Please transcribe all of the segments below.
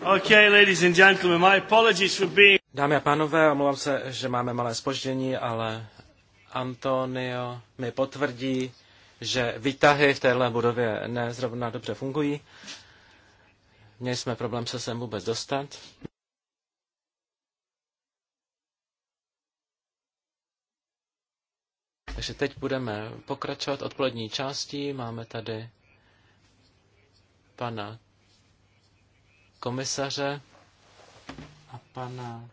Okay, ladies and gentlemen, my apologies for being... Dámy a pánové, omlouvám se, že máme malé spoždění, ale Antonio mi potvrdí, že výtahy v téhle budově nezrovna dobře fungují. Měli jsme problém se sem vůbec dostat. Takže teď budeme pokračovat odpolední částí. Máme tady pana komisaře a pana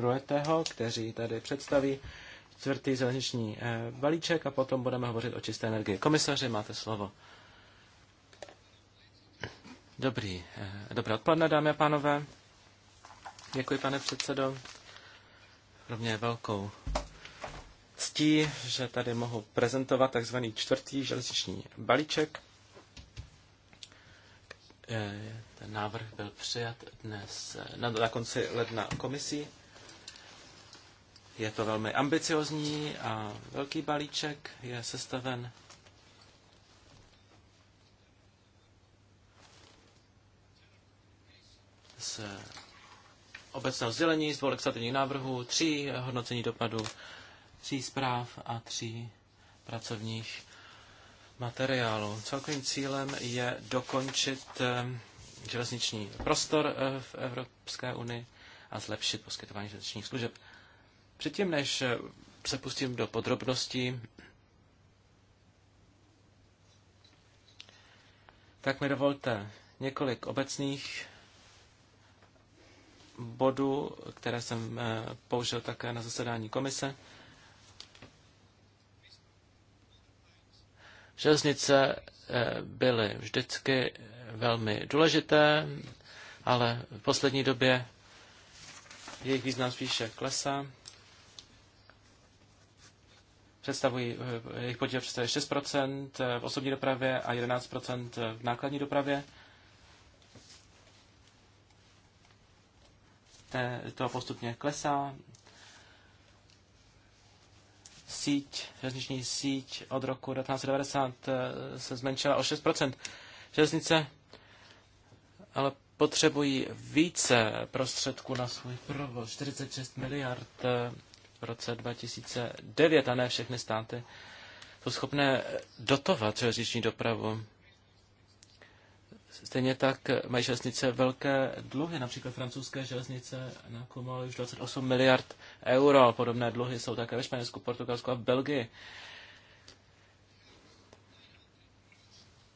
Ruetého, kteří tady představí čtvrtý zeleniční eh, balíček a potom budeme hovořit o čisté energii. Komisaři, máte slovo. Dobrý, eh, dobré odpoledne, dámy a pánové. Děkuji, pane předsedo. Pro mě je velkou ctí, že tady mohu prezentovat takzvaný čtvrtý železniční balíček. Eh, ten návrh byl přijat dnes na, na konci ledna komisí. Je to velmi ambiciozní a velký balíček je sestaven z obecného sdělení, z dvou legislativních návrhů, tří hodnocení dopadu, tří zpráv a tří pracovních materiálů. Celkovým cílem je dokončit eh, železniční prostor eh, v Evropské unii a zlepšit poskytování železničních služeb. Předtím, než eh, se pustím do podrobností, tak mi dovolte několik obecných bodů, které jsem eh, použil také na zasedání komise. Železnice byly vždycky velmi důležité, ale v poslední době jejich význam spíše klesá. Představují, eh, jejich podíl představuje 6% eh, v osobní dopravě a 11% eh, v nákladní dopravě. To postupně klesá. Síť, železniční síť od roku 1990 se zmenšila o 6%. Železnice ale potřebují více prostředků na svůj provoz. 46 miliard eh, v roce 2009 a ne všechny státy jsou schopné dotovat železniční dopravu. Stejně tak mají železnice velké dluhy, například francouzské železnice nakumulovaly už 28 miliard euro. Podobné dluhy jsou také ve Španělsku, Portugalsku a v Belgii.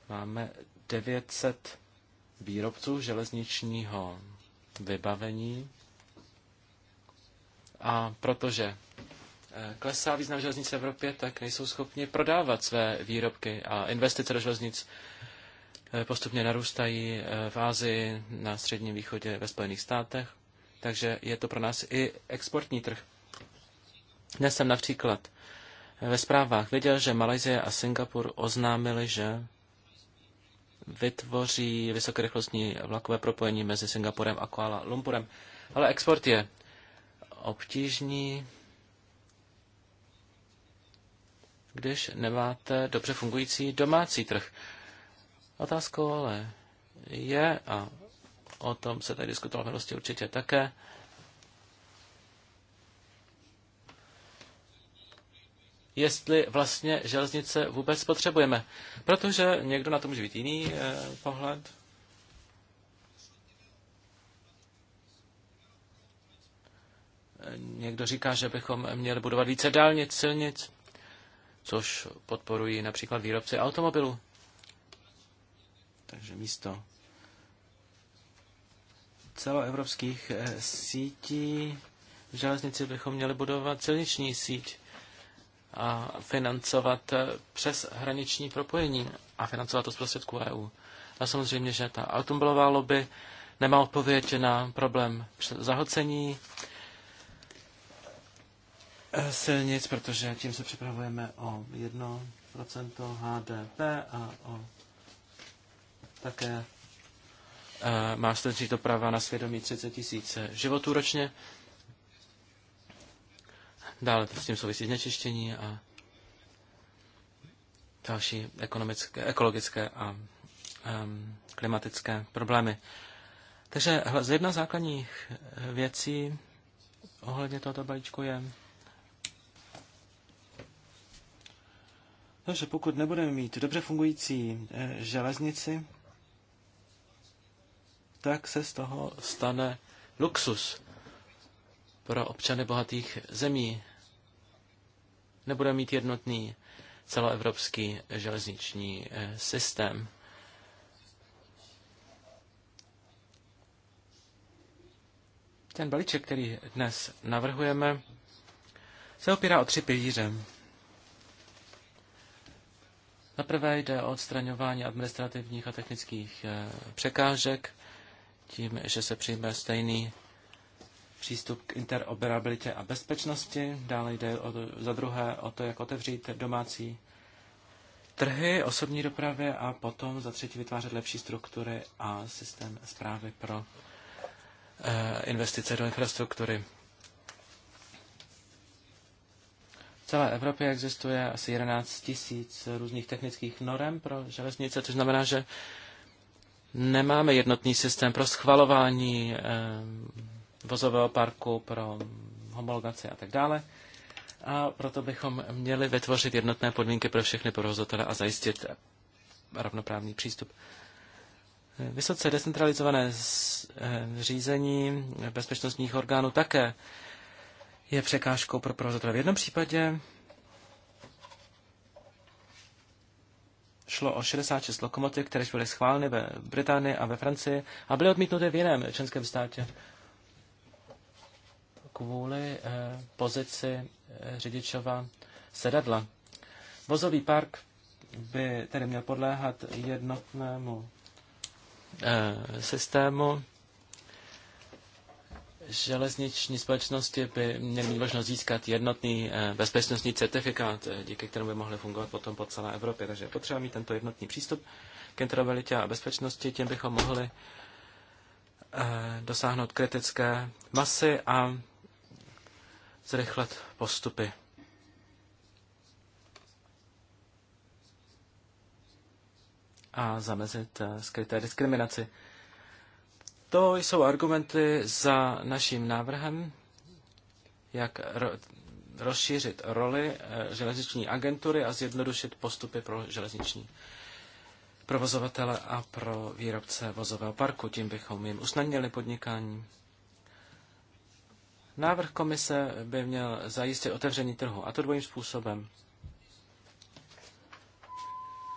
Máme 900 výrobců železničního vybavení. A protože eh, klesá význam železnic v Evropě, tak nejsou schopni prodávat své výrobky a investice do železnic eh, postupně narůstají eh, v Ázii, na Středním východě, ve Spojených státech, takže je to pro nás i exportní trh. Dnes jsem například ve zprávách viděl, že Malajzie a Singapur oznámili, že vytvoří vysokorychlostní vlakové propojení mezi Singapurem a Kuala Lumpurem. Ale export je obtížný, když nemáte dobře fungující domácí trh. Otázkou ale je, a o tom se tady diskutovalo v minulosti určitě také, jestli vlastně železnice vůbec potřebujeme. Protože někdo na to může být jiný eh, pohled. Někdo říká, že bychom měli budovat více dálnic, silnic, což podporují například výrobci automobilů. Takže místo celoevropských eh, sítí v železnici bychom měli budovat silniční síť a financovat eh, přes hraniční propojení a financovat to z prostředků EU. A samozřejmě, že ta automobilová lobby nemá odpověď na problém zahlcení eh, silnic, protože tím se připravujeme o 1% HDP a o také eh, má se to práva na svědomí 30 tisíc životů ročně. Dále s tím souvisí znečištění a další ekonomické, ekologické a um, klimatické problémy. Takže jedna z základních eh, věcí ohledně tohoto balíčku je to, že pokud nebudeme mít dobře fungující eh, železnici, tak se z toho stane luxus pro občany bohatých zemí nebudeme mít jednotný celoevropský eh, železniční eh, systém. Ten balíček, který dnes navrhujeme, se opírá o tři pilíře. Za prvé jde o odstraňování administrativních a technických eh, překážek, tím, že se přijme stejný přístup k interoperabilitě a bezpečnosti. Dále jde o to, za druhé o to, jak otevřít domácí trhy osobní dopravě a potom za třetí vytvářet lepší struktury a systém zprávy pro eh, investice do infrastruktury. V celé Evropě existuje asi 11 tisíc různých technických norem pro železnice, což znamená, že nemáme jednotný systém pro schvalování eh, vozového parku, pro homologaci a tak dále. A proto bychom měli vytvořit jednotné podmínky pro všechny provozovatele a zajistit rovnoprávný přístup. Vysoce decentralizované eh, řízení bezpečnostních orgánů také je překážkou pro provozovatele. V jednom případě šlo o 66 lokomotiv, které byly schváleny ve Británii a ve Francii a byly odmítnuty v jiném členském státě kvůli eh, pozici eh, řidičova sedadla. Vozový park by tedy měl podléhat jednotnému eh, systému. Železniční společnosti by měly mít možnost získat jednotný bezpečnostní certifikát, díky kterému by mohly fungovat potom po celé Evropě. Takže potřeba mít tento jednotný přístup k interoperabilitě a bezpečnosti, tím bychom mohli dosáhnout kritické masy a zrychlet postupy. a zamezit eh, skryté diskriminaci. To jsou argumenty za naším návrhem, jak rozšířit roli eh, železniční agentury a zjednodušit postupy pro železniční provozovatele a pro výrobce vozového parku. Tím bychom jim usnadnili podnikání. Návrh komise by měl zajistit otevření trhu, a to dvojím způsobem.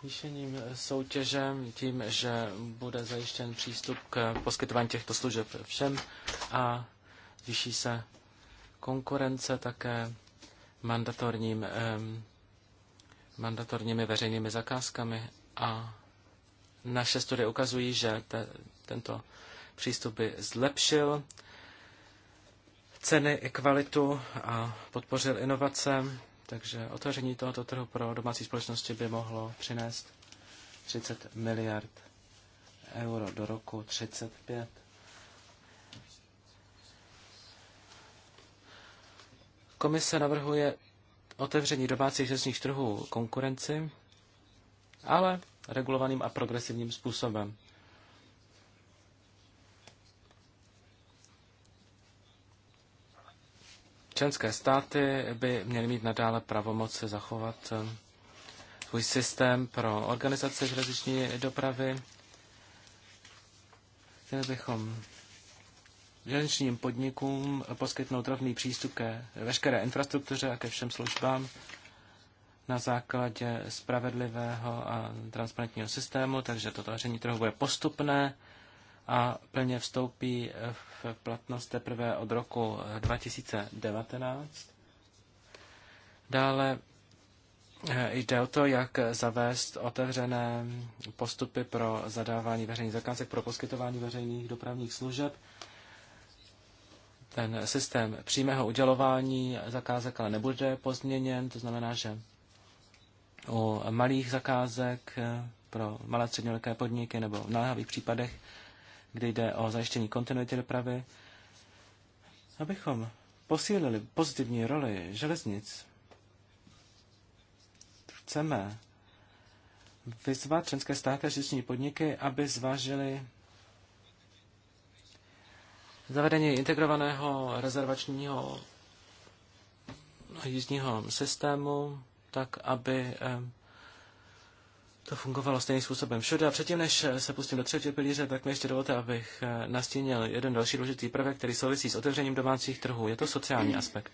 Výšením soutěžem tím, že bude zajištěn přístup k poskytování těchto služeb všem a zvýší se konkurence také mandatorním, eh, mandatorními veřejnými zakázkami a naše studie ukazují, že te, tento přístup by zlepšil ceny i kvalitu a podpořil inovace, takže otevření tohoto trhu pro domácí společnosti by mohlo přinést 30 miliard euro do roku 35. Komise navrhuje otevření domácích řezních trhů konkurenci, ale regulovaným a progresivním způsobem. Členské státy by měly mít nadále pravomoc zachovat eh, svůj systém pro organizaci železniční dopravy. Chtěli bychom železničním podnikům poskytnout rovný přístup ke veškeré infrastruktuře a ke všem službám na základě spravedlivého a transparentního systému, takže toto řešení trhu bude postupné a plně vstoupí v platnost teprve od roku 2019. Dále eh, jde o to, jak zavést otevřené postupy pro zadávání veřejných zakázek, pro poskytování veřejných dopravních služeb. Ten systém přímého udělování zakázek ale nebude pozměněn, to znamená, že u malých zakázek eh, pro malé střední velké podniky nebo v náhavých případech kde jde o zajištění kontinuity dopravy, abychom posílili pozitivní roli železnic. Chceme vyzvat členské státy a železniční podniky, aby zvážili zavedení integrovaného rezervačního jízdního systému, tak aby eh, to fungovalo stejným způsobem všude. A předtím, než se pustím do třetího pilíře, tak mi ještě dovolte, abych eh, nastínil jeden další důležitý prvek, který souvisí s otevřením domácích trhů. Je to sociální aspekt.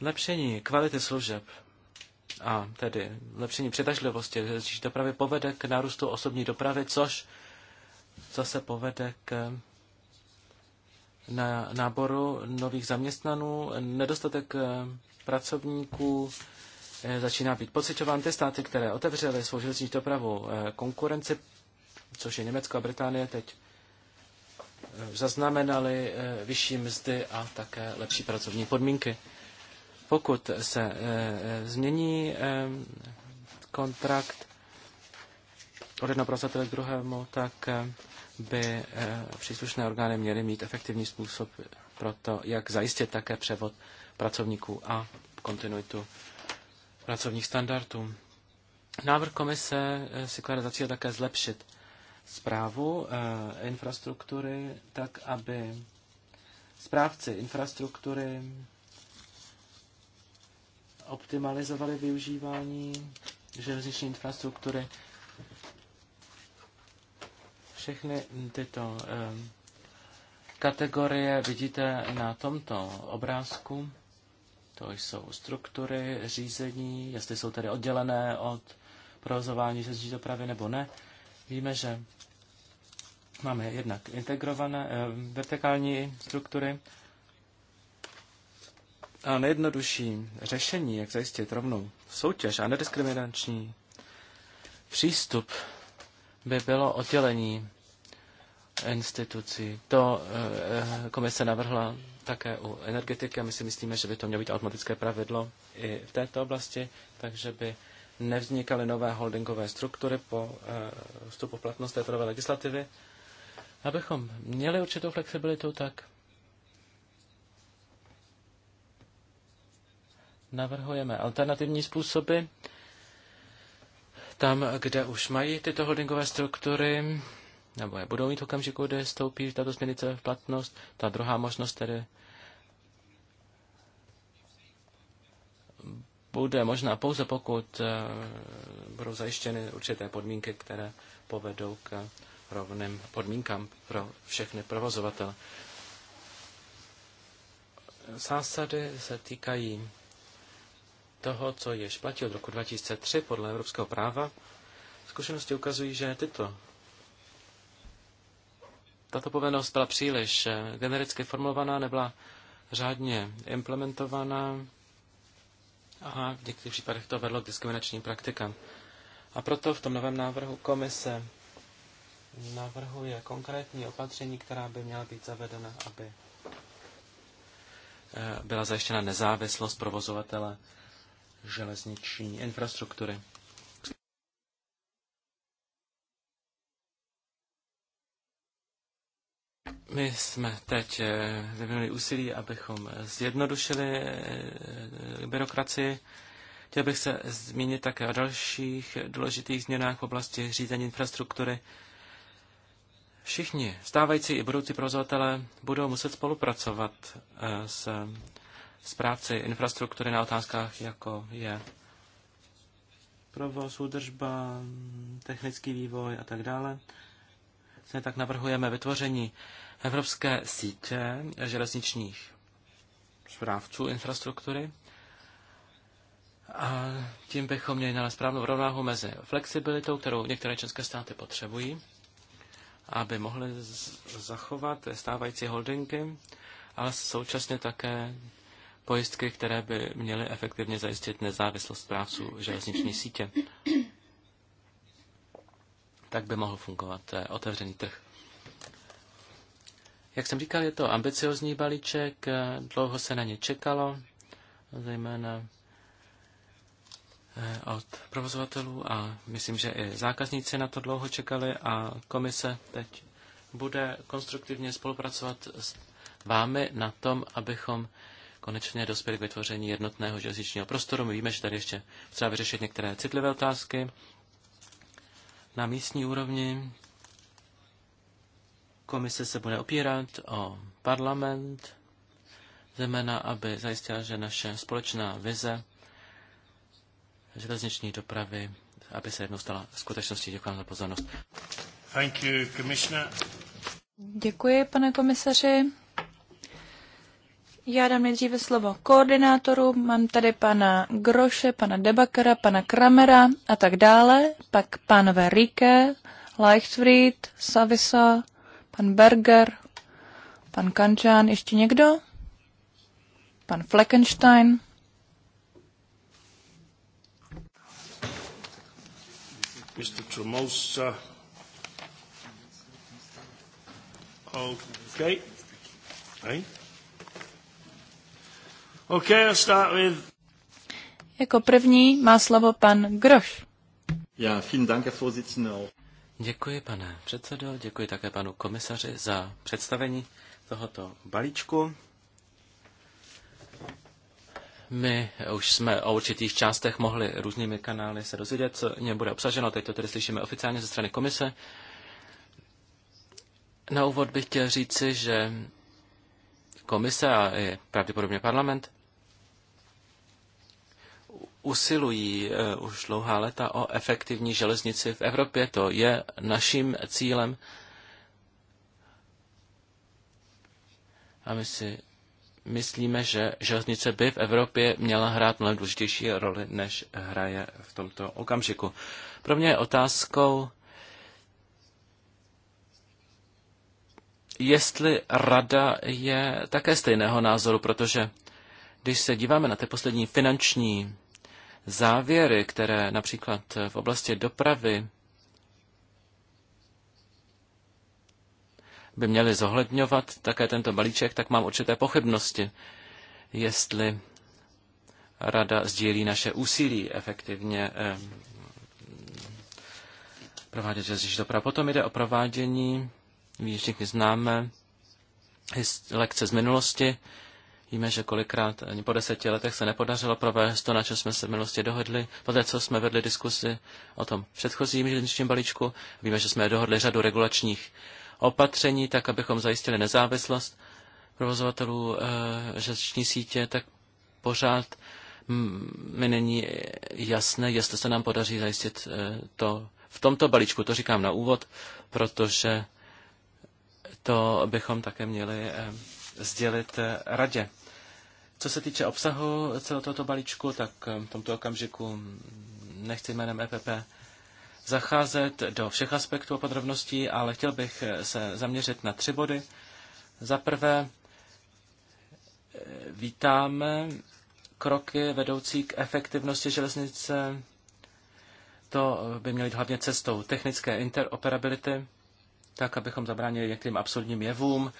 Lepšení kvality služeb a tedy lepšení přitažlivosti železniční dopravy povede k nárůstu osobní dopravy, což zase povede k eh, na náboru nových zaměstnanů, nedostatek eh, pracovníků, Eh, začíná být pocitován. Ty státy, které otevřely svou železniční dopravu eh, konkurenci, což je Německo a Británie, teď eh, zaznamenali vyšší mzdy a také lepší pracovní podmínky. Pokud se změní kontrakt od jednoho pracovatele k druhému, tak by příslušné orgány měly mít efektivní způsob pro to, jak zajistit také převod pracovníků a kontinuitu pracovních standardů. Návrh komise eh, si klade za cíl také zlepšit zprávu eh, infrastruktury tak, aby správci infrastruktury optimalizovali využívání železniční infrastruktury. Všechny tyto eh, kategorie vidíte na tomto obrázku. To jsou struktury řízení, jestli jsou tedy oddělené od provozování železniční dopravy nebo ne. Víme, že máme jednak integrované eh, vertikální struktury a nejjednodušší řešení, jak zajistit rovnou soutěž a nediskriminační přístup, by bylo oddělení institucí. To eh, komise navrhla také u energetiky a my si myslíme, že by to mělo být automatické pravidlo i v této oblasti, takže by nevznikaly nové holdingové struktury po eh, vstupu v platnost této nové legislativy. Abychom měli určitou flexibilitu, tak navrhujeme alternativní způsoby. Tam, kde už mají tyto holdingové struktury, nebo je budou mít okamžiku, kdy stoupí tato směrnice v platnost. Ta druhá možnost tedy bude možná pouze pokud eh, budou zajištěny určité podmínky, které povedou k rovným podmínkám pro všechny provozovatele. Zásady se týkají toho, co již platí od roku 2003 podle evropského práva. Zkušenosti ukazují, že tyto tato povinnost byla příliš eh, genericky formulovaná, nebyla řádně implementovaná a v některých případech to vedlo k diskriminačním praktikám. A proto v tom novém návrhu komise navrhuje konkrétní opatření, která by měla být zavedena, aby eh, byla zajištěna nezávislost provozovatele železniční infrastruktury. My jsme teď eh, vyvinuli úsilí, abychom eh, zjednodušili eh, byrokracii. Chtěl bych se zmínit také o dalších důležitých změnách v oblasti řízení infrastruktury. Všichni stávající i budoucí provozovatele budou muset spolupracovat s správci infrastruktury na otázkách, jako je provoz, údržba, technický vývoj a tak dále. Stejně tak navrhujeme vytvoření evropské sítě železničních správců infrastruktury. A tím bychom měli na správnou rovnáhu mezi flexibilitou, kterou některé české státy potřebují, aby mohly zachovat stávající holdingy, ale současně také pojistky, které by měly efektivně zajistit nezávislost správců železniční sítě. Tak by mohl fungovat eh, otevřený trh. Jak jsem říkal, je to ambiciozní balíček, eh, dlouho se na ně čekalo, zejména eh, od provozovatelů a myslím, že i zákazníci na to dlouho čekali a komise teď bude konstruktivně spolupracovat s vámi na tom, abychom konečně dospěli k vytvoření jednotného železničního prostoru. My víme, že tady ještě třeba vyřešit některé citlivé otázky na místní úrovni, Komise se bude opírat o parlament, zejména aby zajistila, že naše společná vize železniční dopravy, aby se jednou stala skutečností. Děkuji za pozornost. Thank you, Děkuji, pane komisaři. Já dám nejdříve slovo koordinátoru. Mám tady pana Groše, pana Debakera, pana Kramera a tak dále. Pak pánové Verike, Leichtfried, Savisa, Pan Berger, pan Kančán, ještě někdo? Pan Fleckenstein. Mr. Tremosa. Okay. Hey. Okay, I'll start with... Jako první má slovo pan Groš. Ja, vielen Dank, Herr Vorsitzender. Děkuji, pane předsedo, děkuji také panu komisaři za představení tohoto balíčku. My už jsme o určitých částech mohli různými kanály se dozvědět, co něm bude obsaženo. Teď to tedy slyšíme oficiálně ze strany komise. Na úvod bych chtěl říci, že komise a i pravděpodobně parlament usilují eh, už dlouhá léta o efektivní železnici v Evropě. To je naším cílem. A my si myslíme, že železnice by v Evropě měla hrát mnohem důležitější roli, než hraje v tomto okamžiku. Pro mě je otázkou, jestli rada je také stejného názoru, protože když se díváme na ty poslední finanční závěry, které například v oblasti dopravy by měly zohledňovat také tento balíček, tak mám určité pochybnosti, jestli rada sdílí naše úsilí efektivně eh, provádět železniční dopravu. Potom jde o provádění, všichni známe, lekce z minulosti, Víme, že kolikrát ani po deseti letech se nepodařilo provést to, na čem jsme se v minulosti dohodli. Poté, co jsme vedli diskusi o tom předchozím železničním balíčku, víme, že jsme dohodli řadu regulačních opatření, tak abychom zajistili nezávislost provozovatelů e, železniční sítě, tak pořád mm, mi není jasné, jestli se nám podaří zajistit e, to v tomto balíčku. To říkám na úvod, protože to bychom také měli e, sdělit radě. Co se týče obsahu celého tohoto balíčku, tak eh, v tomto okamžiku nechci jménem EPP zacházet do všech aspektů a podrobností, ale chtěl bych eh, se zaměřit na tři body. Za prvé, eh, vítáme kroky vedoucí k efektivnosti železnice. To by měly hlavně cestou technické interoperability, tak abychom zabránili některým absurdním jevům,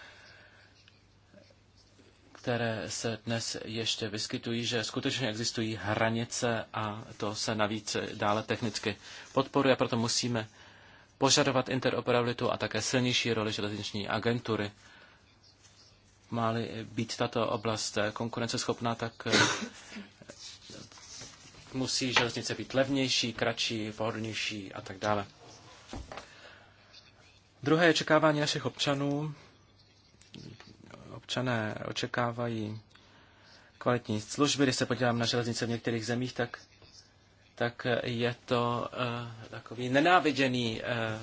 které se dnes ještě vyskytují, že skutečně existují hranice a to se navíc dále technicky podporuje, proto musíme požadovat interoperabilitu a také silnější roli železniční agentury. má být tato oblast konkurenceschopná, tak eh, musí železnice být levnější, kratší, pohodlnější a tak dále. Druhé je čekávání našich občanů občané očekávají kvalitní služby. Když se podívám na železnice v některých zemích, tak, tak je to uh, takový nenáviděný uh,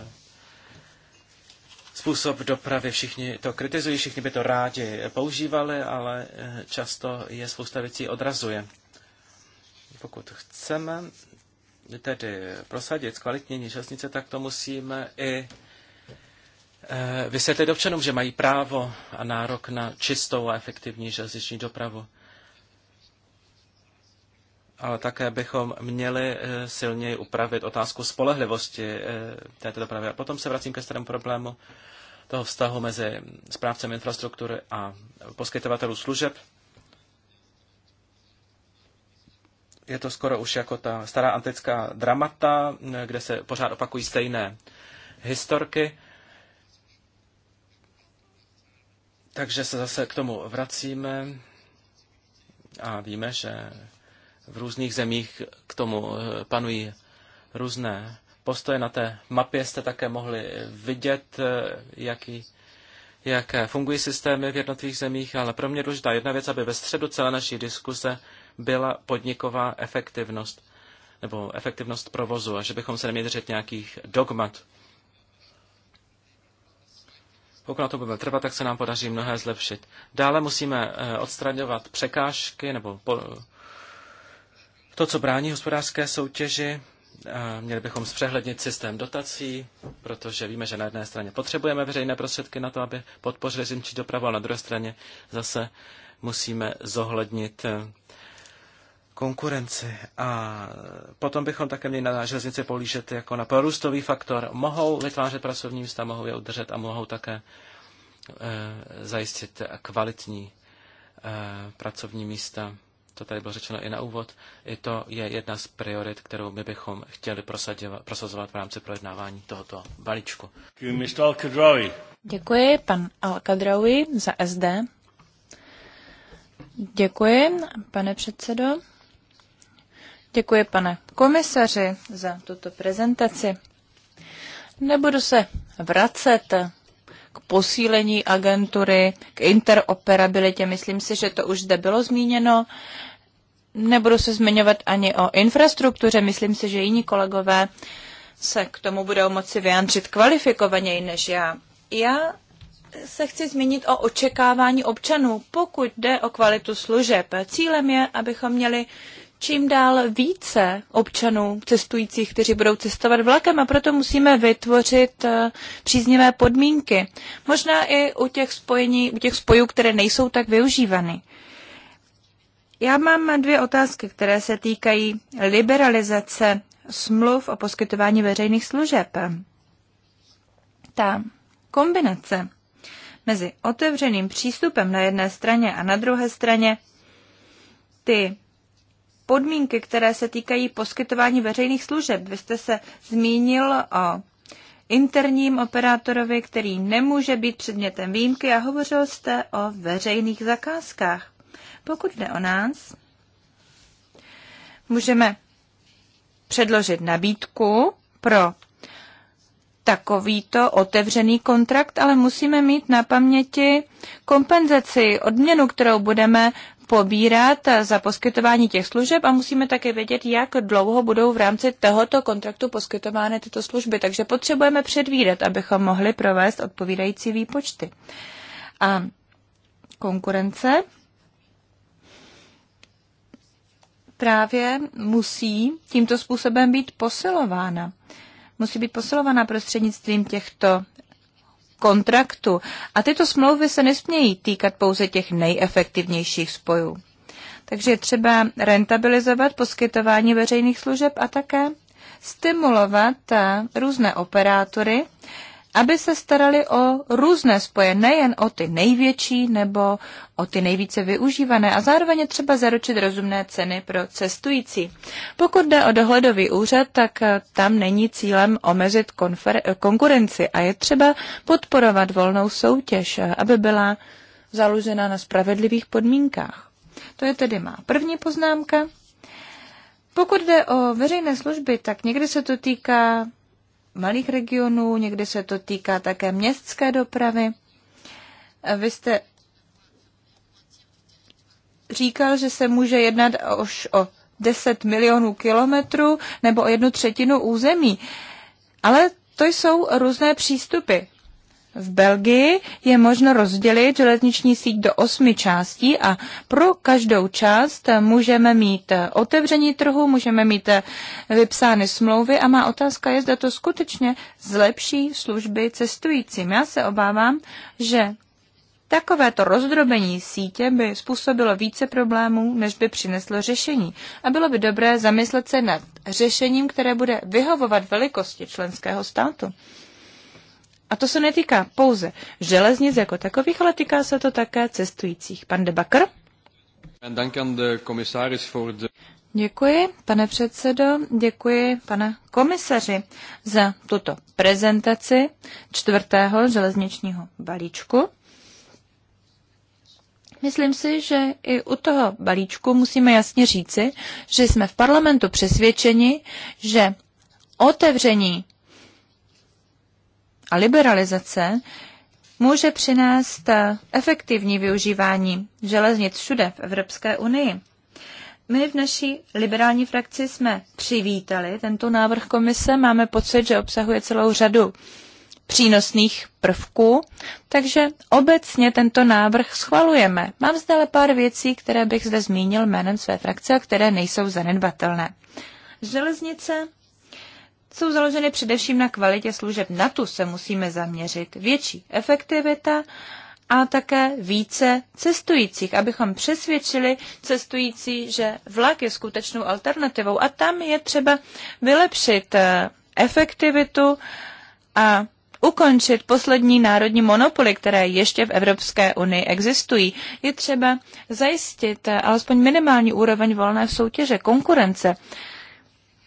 způsob dopravy. Všichni to kritizují, všichni by to rádi používali, ale eh, často je spousta věcí odrazuje. Pokud chceme tedy prosadit zkvalitnění železnice, tak to musíme i Eh, vysvětlit občanům, že mají právo a nárok na čistou a efektivní železniční dopravu. Ale také bychom měli eh, silněji upravit otázku spolehlivosti eh, této dopravy. A potom se vracím ke starému problému toho vztahu mezi správcem infrastruktury a poskytovatelů služeb. Je to skoro už jako ta stará antická dramata, kde se pořád opakují stejné historky Takže se zase k tomu vracíme a víme, že v různých zemích k tomu eh, panují různé postoje. Na té mapě jste také mohli vidět, eh, jaký, jaké fungují systémy v jednotlivých zemích, ale pro mě důležitá jedna věc, aby ve středu celé naší diskuse byla podniková efektivnost nebo efektivnost provozu a že bychom se neměli držet nějakých dogmat. Pokud na to budeme trvat, tak se nám podaří mnohé zlepšit. Dále musíme eh, odstraňovat překážky nebo to, co brání hospodářské soutěži. Eh, měli bychom zpřehlednit systém dotací, protože víme, že na jedné straně potřebujeme veřejné prostředky na to, aby podpořili zimčí dopravu, a na druhé straně zase musíme zohlednit eh, konkurenci. A potom bychom také měli na železnici polížet jako na prorůstový faktor. Mohou vytvářet pracovní místa, mohou je udržet a mohou také e, zajistit kvalitní e, pracovní místa. To tady bylo řečeno i na úvod. I to je jedna z priorit, kterou my bychom chtěli prosazovat v rámci projednávání tohoto balíčku. Děkuji, pan al za SD. Děkuji, pane předsedo. Děkuji, pane komisaři, za tuto prezentaci. Nebudu se vracet k posílení agentury, k interoperabilitě. Myslím si, že to už zde bylo zmíněno. Nebudu se zmiňovat ani o infrastruktuře. Myslím si, že jiní kolegové se k tomu budou moci vyjádřit kvalifikovaněji než já. Já se chci zmínit o očekávání občanů, pokud jde o kvalitu služeb. Cílem je, abychom měli čím dál více občanů cestujících, kteří budou cestovat vlakem a proto musíme vytvořit eh, příznivé podmínky. Možná i u těch, spojení, u těch spojů, které nejsou tak využívány. Já mám dvě otázky, které se týkají liberalizace smluv o poskytování veřejných služeb. Ta kombinace mezi otevřeným přístupem na jedné straně a na druhé straně ty podmínky, které se týkají poskytování veřejných služeb. Vy jste se zmínil o interním operátorovi, který nemůže být předmětem výjimky a hovořil jste o veřejných zakázkách. Pokud jde o nás, můžeme předložit nabídku pro takovýto otevřený kontrakt, ale musíme mít na paměti kompenzaci, odměnu, kterou budeme pobírat za poskytování těch služeb a musíme také vědět, jak dlouho budou v rámci tohoto kontraktu poskytovány tyto služby. Takže potřebujeme předvídat, abychom mohli provést odpovídající výpočty. A konkurence právě musí tímto způsobem být posilována. Musí být posilována prostřednictvím těchto kontraktu a tyto smlouvy se nesmějí týkat pouze těch nejefektivnějších spojů. Takže je třeba rentabilizovat poskytování veřejných služeb a také stimulovat eh, různé operátory, aby se starali o různé spoje, nejen o ty největší nebo o ty nejvíce využívané a zároveň třeba zaručit rozumné ceny pro cestující. Pokud jde o dohledový úřad, tak eh, tam není cílem omezit eh, konkurenci a je třeba podporovat volnou soutěž, eh, aby byla založena na spravedlivých podmínkách. To je tedy má první poznámka. Pokud jde o veřejné služby, tak někdy se to týká malých regionů, někdy se to týká také městské dopravy. Vy jste říkal, že se může jednat už o 10 milionů kilometrů nebo o jednu třetinu území. Ale to jsou různé přístupy. V Belgii je možno rozdělit železniční síť do osmi částí a pro každou část můžeme mít otevření trhu, můžeme mít vypsány smlouvy a má otázka je, zda to skutečně zlepší služby cestujícím. Já se obávám, že Takovéto rozdrobení sítě by způsobilo více problémů, než by přineslo řešení. A bylo by dobré zamyslet se nad řešením, které bude vyhovovat velikosti členského státu. A to se netýká pouze železnic jako takových, ale týká se to také cestujících. Pan de Bakr? Děkuji, pane předsedo, děkuji, pane komisaři, za tuto prezentaci čtvrtého železničního balíčku. Myslím si, že i u toho balíčku musíme jasně říci, že jsme v parlamentu přesvědčeni, že otevření a liberalizace může přinést eh, efektivní využívání železnic všude v Evropské unii. My v naší liberální frakci jsme přivítali tento návrh komise. Máme pocit, že obsahuje celou řadu přínosných prvků, takže obecně tento návrh schvalujeme. Mám zde ale pár věcí, které bych zde zmínil jménem své frakce a které nejsou zanedbatelné. Železnice jsou založeny především na kvalitě služeb. Na tu se musíme zaměřit. Větší efektivita a také více cestujících, abychom přesvědčili cestující, že vlak je skutečnou alternativou a tam je třeba vylepšit eh, efektivitu a ukončit poslední národní monopoly, které ještě v Evropské unii existují. Je třeba zajistit eh, alespoň minimální úroveň volné soutěže, konkurence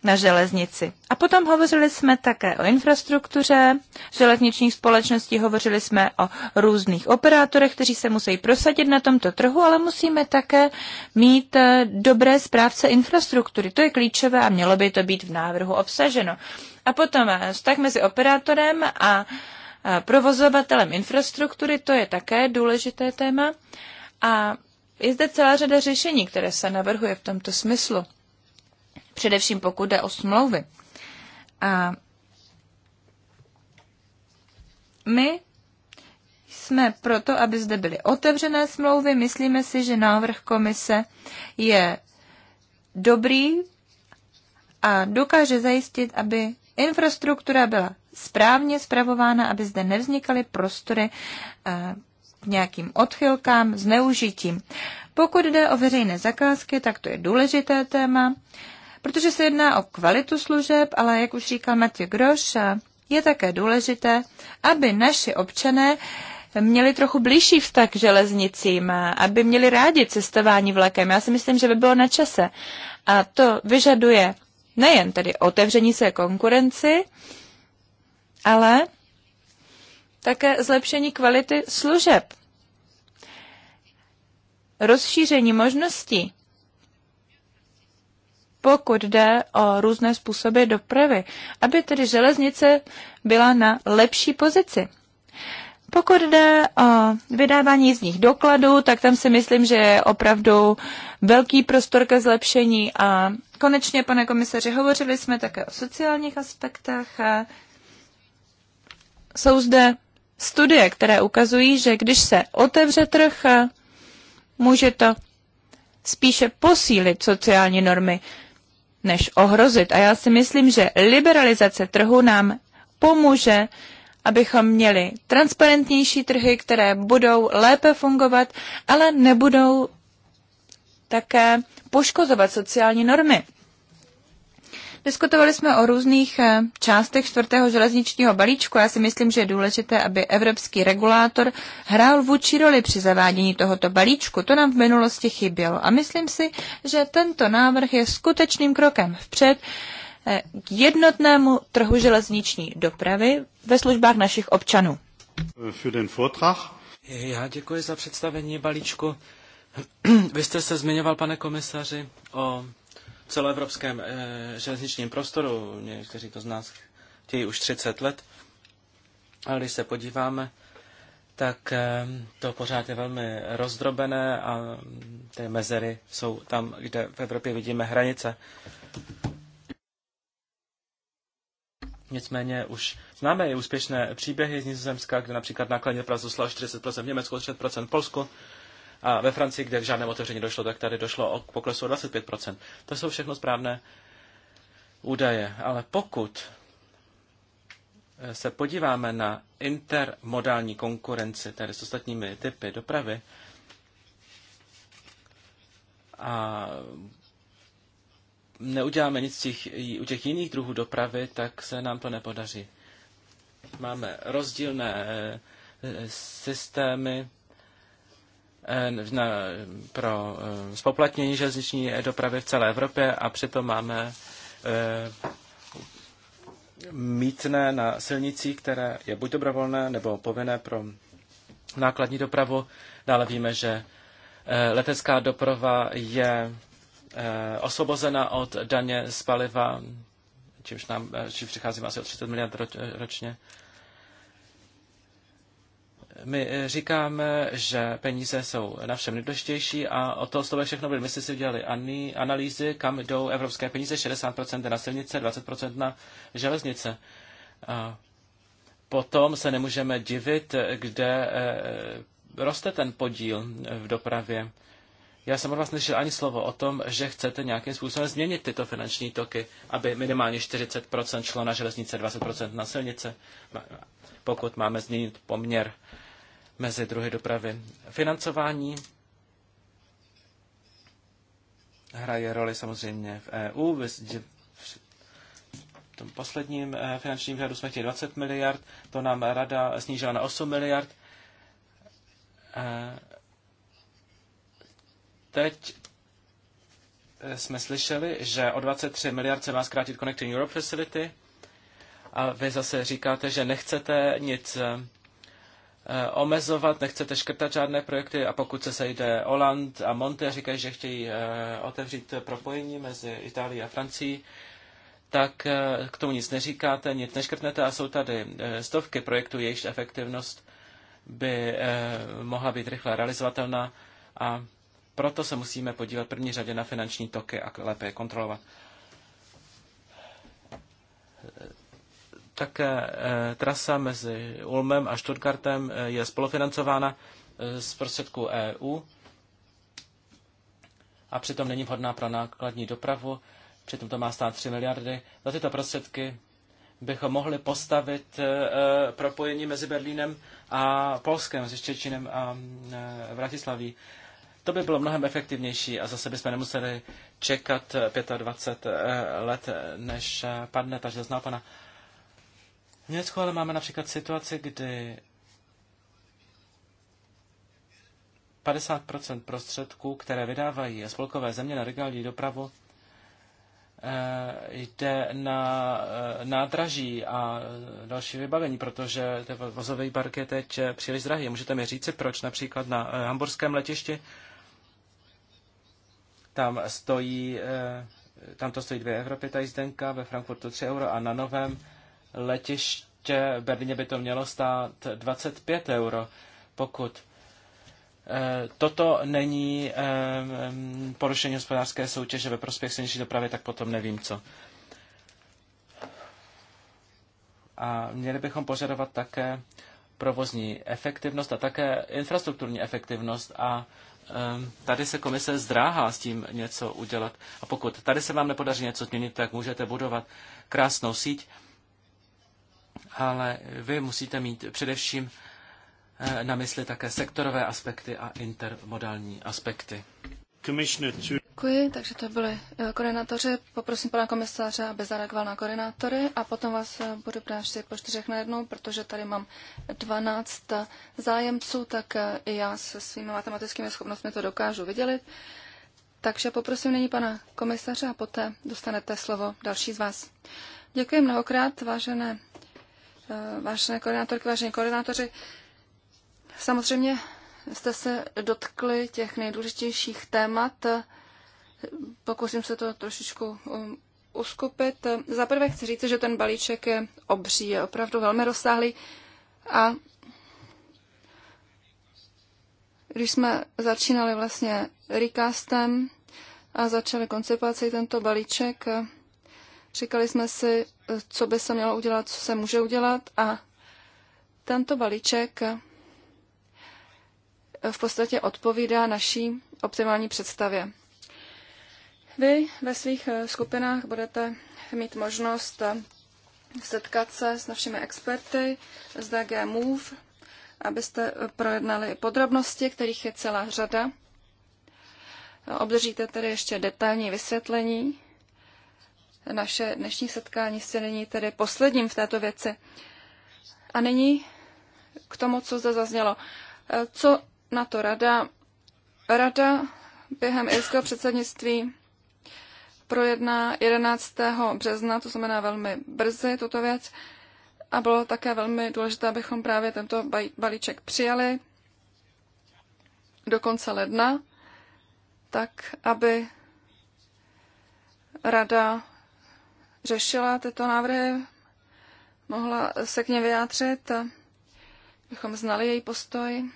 na železnici. A potom hovořili jsme také o infrastruktuře železničních společností, hovořili jsme o různých operátorech, kteří se musí prosadit na tomto trhu, ale musíme také mít eh, dobré správce infrastruktury. To je klíčové a mělo by to být v návrhu obsaženo. A potom eh, vztah mezi operátorem a eh, provozovatelem infrastruktury, to je také důležité téma. A je zde celá řada řešení, které se navrhuje v tomto smyslu především pokud jde o smlouvy. A my jsme proto, aby zde byly otevřené smlouvy. Myslíme si, že návrh komise je dobrý a dokáže zajistit, aby infrastruktura byla správně spravována, aby zde nevznikaly prostory eh, k nějakým odchylkám, zneužitím. Pokud jde o veřejné zakázky, tak to je důležité téma. Protože se jedná o kvalitu služeb, ale jak už říkal Matěj Groš, je také důležité, aby naši občané měli trochu blížší vztah k železnicím, aby měli rádi cestování vlakem. Já si myslím, že by bylo na čase. A to vyžaduje nejen tedy otevření se konkurenci, ale také zlepšení kvality služeb, rozšíření možností pokud jde o různé způsoby dopravy, aby tedy železnice byla na lepší pozici. Pokud jde o vydávání nich dokladů, tak tam si myslím, že je opravdu velký prostor ke zlepšení. A konečně, pane komisaři, hovořili jsme také o sociálních aspektech. Jsou zde studie, které ukazují, že když se otevře trh, může to spíše posílit sociální normy než ohrozit. A já si myslím, že liberalizace trhu nám pomůže, abychom měli transparentnější trhy, které budou lépe fungovat, ale nebudou také poškozovat sociální normy. Diskutovali jsme o různých eh, částech čtvrtého železničního balíčku. Já si myslím, že je důležité, aby evropský regulátor hrál vůči roli při zavádění tohoto balíčku. To nám v minulosti chybělo. A myslím si, že tento návrh je skutečným krokem vpřed eh, k jednotnému trhu železniční dopravy ve službách našich občanů. Já děkuji za představení balíčku. Vy jste se zmiňoval, pane komisaři, o celoevropském eh, železničním prostoru, někteří to z nás chtějí už 30 let, ale když se podíváme, tak eh, to pořád je velmi rozdrobené a ty mezery jsou tam, kde v Evropě vidíme hranice. Nicméně už známe i úspěšné příběhy z Nizozemska, kde například nákladní doprava zůstala 40%, Německo 30%, Polsko a ve Francii, kde k žádnému otevření došlo, tak tady došlo o poklesu o 25%. To jsou všechno správné údaje. Ale pokud eh, se podíváme na intermodální konkurenci, tedy s ostatními typy dopravy, a neuděláme nic těch, u těch jiných druhů dopravy, tak se nám to nepodaří. Máme rozdílné eh, eh, systémy Eh, na, pro spoplatnění eh, železniční dopravy v celé Evropě a přitom máme eh, mítné na silnicích, které je buď dobrovolné nebo povinné pro nákladní dopravu. Dále víme, že letecká doprava je osvobozena od daně z paliva, čímž nám čímž přicházíme asi o 30 miliard ročně my eh, říkáme, že peníze jsou na všem nejdůležitější a o toho slova všechno byli. My jsme si udělali analýzy, kam jdou evropské peníze, 60% na silnice, 20% na železnice. A potom se nemůžeme divit, kde eh, roste ten podíl v dopravě. Já jsem od vás neslyšel ani slovo o tom, že chcete nějakým způsobem změnit tyto finanční toky, aby minimálně 40% šlo na železnice, 20% na silnice, pokud máme změnit poměr mezi druhy dopravy. Financování hraje roli samozřejmě v EU. V tom posledním eh, finančním řádu jsme chtěli 20 miliard, to nám rada snížila na 8 miliard. Eh, teď eh, jsme slyšeli, že o 23 miliard se má zkrátit Connecting Europe Facility a vy zase říkáte, že nechcete nic Eh, omezovat, nechcete škrtat žádné projekty a pokud se sejde Oland a Monte říkají, že chtějí eh, otevřít propojení mezi Itálií a Francií, tak eh, k tomu nic neříkáte, nic neškrtnete a jsou tady stovky projektů, jejichž efektivnost by mohla být rychle realizovatelná a proto se musíme podívat první řadě na finanční toky a lépe je kontrolovat. Také eh, trasa mezi Ulmem a Stuttgartem eh, je spolufinancována eh, z prostředků EU a přitom není vhodná pro nákladní dopravu. Přitom to má stát 3 miliardy. Za tyto prostředky bychom mohli postavit propojení mezi Berlínem a Polskem, s Štěčinem a Vratislaví. To by bylo mnohem efektivnější a zase bychom nemuseli čekat 25 let, než padne ta železná pana. Německu ale máme například situaci, kdy 50 prostředků, které vydávají spolkové země na regální dopravu, eh, jde na eh, nádraží a další vybavení, protože ten vozový park je teď příliš drahý. Můžete mi říci, proč například na eh, hamburském letišti tam stojí, tam to stojí 2 Evropy, ta jízdenka, ve Frankfurtu 3 euro a na novém letiště v Berlíně by to mělo stát 25 euro, pokud eh, toto není eh, porušení hospodářské soutěže ve prospěch silnější dopravy, tak potom nevím co. A měli bychom požadovat také provozní efektivnost a také infrastrukturní efektivnost a ehm, tady se komise zdráhá s tím něco udělat. A pokud tady se vám nepodaří něco změnit, tak můžete budovat krásnou síť, ale vy musíte mít především eh, na mysli také sektorové aspekty a intermodální aspekty. Děkuji, takže to byly eh, koordinátoři. Poprosím pana komisáře, aby zareagoval na koordinátory a potom vás eh, budu brát vždy po čtyřech najednou, protože tady mám 12 zájemců, tak i já se svými matematickými schopnostmi to dokážu vydělit. Takže poprosím nyní pana komisaře a poté dostanete slovo další z vás. Děkuji mnohokrát, vážené Eh, vážené koordinátorky, vážení koordinátoři. Samozřejmě jste se dotkli těch nejdůležitějších témat. Pokusím se to trošičku um, uskupit. Za prvé chci říct, že ten balíček je obří, je opravdu velmi rozsáhlý a když jsme začínali vlastně recastem a začali koncipaci tento balíček, Říkali jsme si, eh, co by se mělo udělat, co se může udělat a tento balíček eh, v podstatě odpovídá naší optimální představě. Vy ve svých eh, skupinách budete mít možnost setkat se s našimi experty z DG Move, abyste projednali podrobnosti, kterých je celá řada. Obdržíte tedy ještě detailní vysvětlení naše dnešní setkání se není tedy posledním v této věci. A nyní k tomu, co zde zaznělo. E, co na to rada? Rada během irského předsednictví projedná 11. března, to znamená velmi brzy tuto věc. A bylo také velmi důležité, abychom právě tento balíček přijali do konce ledna, tak aby rada řešila tyto návrhy, mohla se k ně vyjádřit, bychom znali její postoj.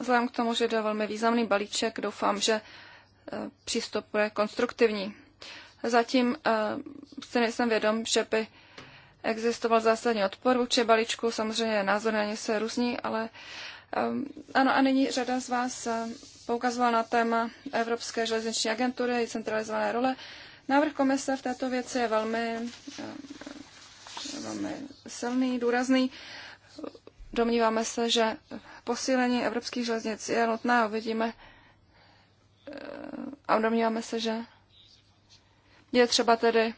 Vzhledem k tomu, že jde velmi významný balíček, doufám, že eh, přístup bude konstruktivní. Zatím eh, se nejsem vědom, že by existoval zásadní odpor vůči balíčku. Samozřejmě názory na ně se různí, ale eh, ano, a nyní řada z vás poukazoval na téma Evropské železniční agentury, její centralizované role. Návrh komise v této věci je velmi, eh, velmi silný, důrazný. Domníváme se, že posílení evropských železnic je nutné, uvidíme eh, a domníváme se, že je třeba tedy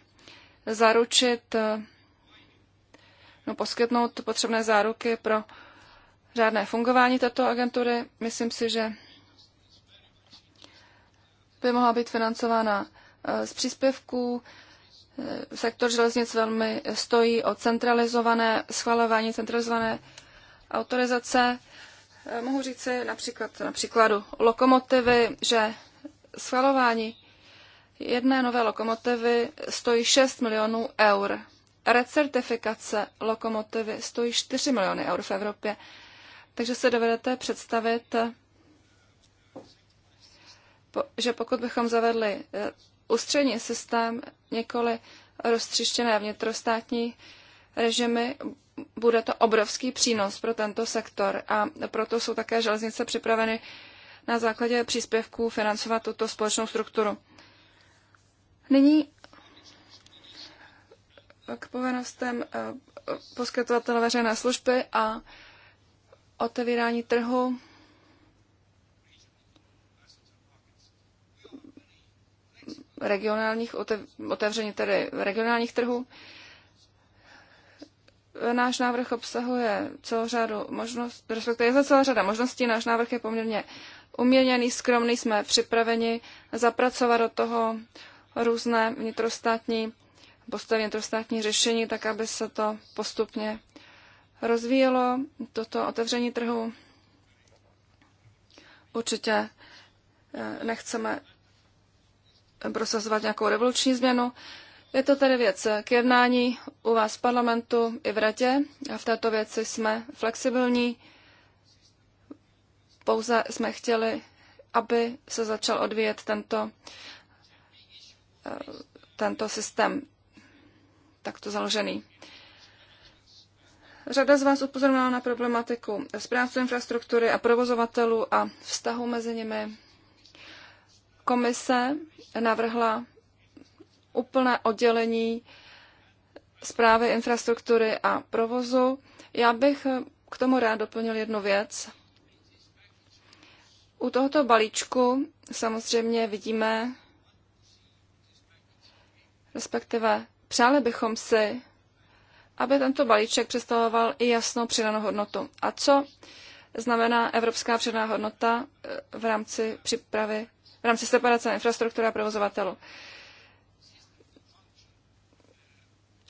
zaručit, eh, no, poskytnout potřebné záruky pro řádné fungování této agentury. Myslím si, že by mohla být financována eh, z příspěvků. Eh, sektor železnic velmi stojí o centralizované schvalování, centralizované autorizace. Eh, mohu říci například na příkladu lokomotivy, že schvalování jedné nové lokomotivy stojí 6 milionů eur. Recertifikace lokomotivy stojí 4 miliony eur v Evropě. Takže se dovedete představit, že pokud bychom zavedli eh, ústřední systém, několik roztřištěné vnitrostátní režimy, bude to obrovský přínos pro tento sektor a proto jsou také železnice připraveny na základě příspěvků financovat tuto společnou strukturu. Nyní k povinnostem eh, poskytovatele veřejné služby a otevírání trhu regionálních, otevření tedy regionálních trhů. Náš návrh obsahuje celou řadu možností, respektive je to celá řada možností, náš návrh je poměrně uměněný, skromný, jsme připraveni zapracovat do toho různé vnitrostátní, postavy vnitrostátní řešení, tak aby se to postupně rozvíjelo, toto otevření trhu. Určitě eh, nechceme prosazovat nějakou revoluční změnu. Je to tedy věc k jednání u vás v parlamentu i v radě. A v této věci jsme flexibilní. Pouze jsme chtěli, aby se začal odvíjet tento, eh, tento systém takto založený. Řada z vás upozornila na problematiku správců infrastruktury a provozovatelů a vztahu mezi nimi. Komise navrhla úplné oddělení zprávy infrastruktury a provozu. Já bych k tomu rád doplnil jednu věc. U tohoto balíčku samozřejmě vidíme, respektive přáli bychom si, aby tento balíček představoval i jasnou přidanou hodnotu. A co znamená evropská přidaná hodnota eh, v rámci přípravy v rámci separace infrastruktura provozovatelů.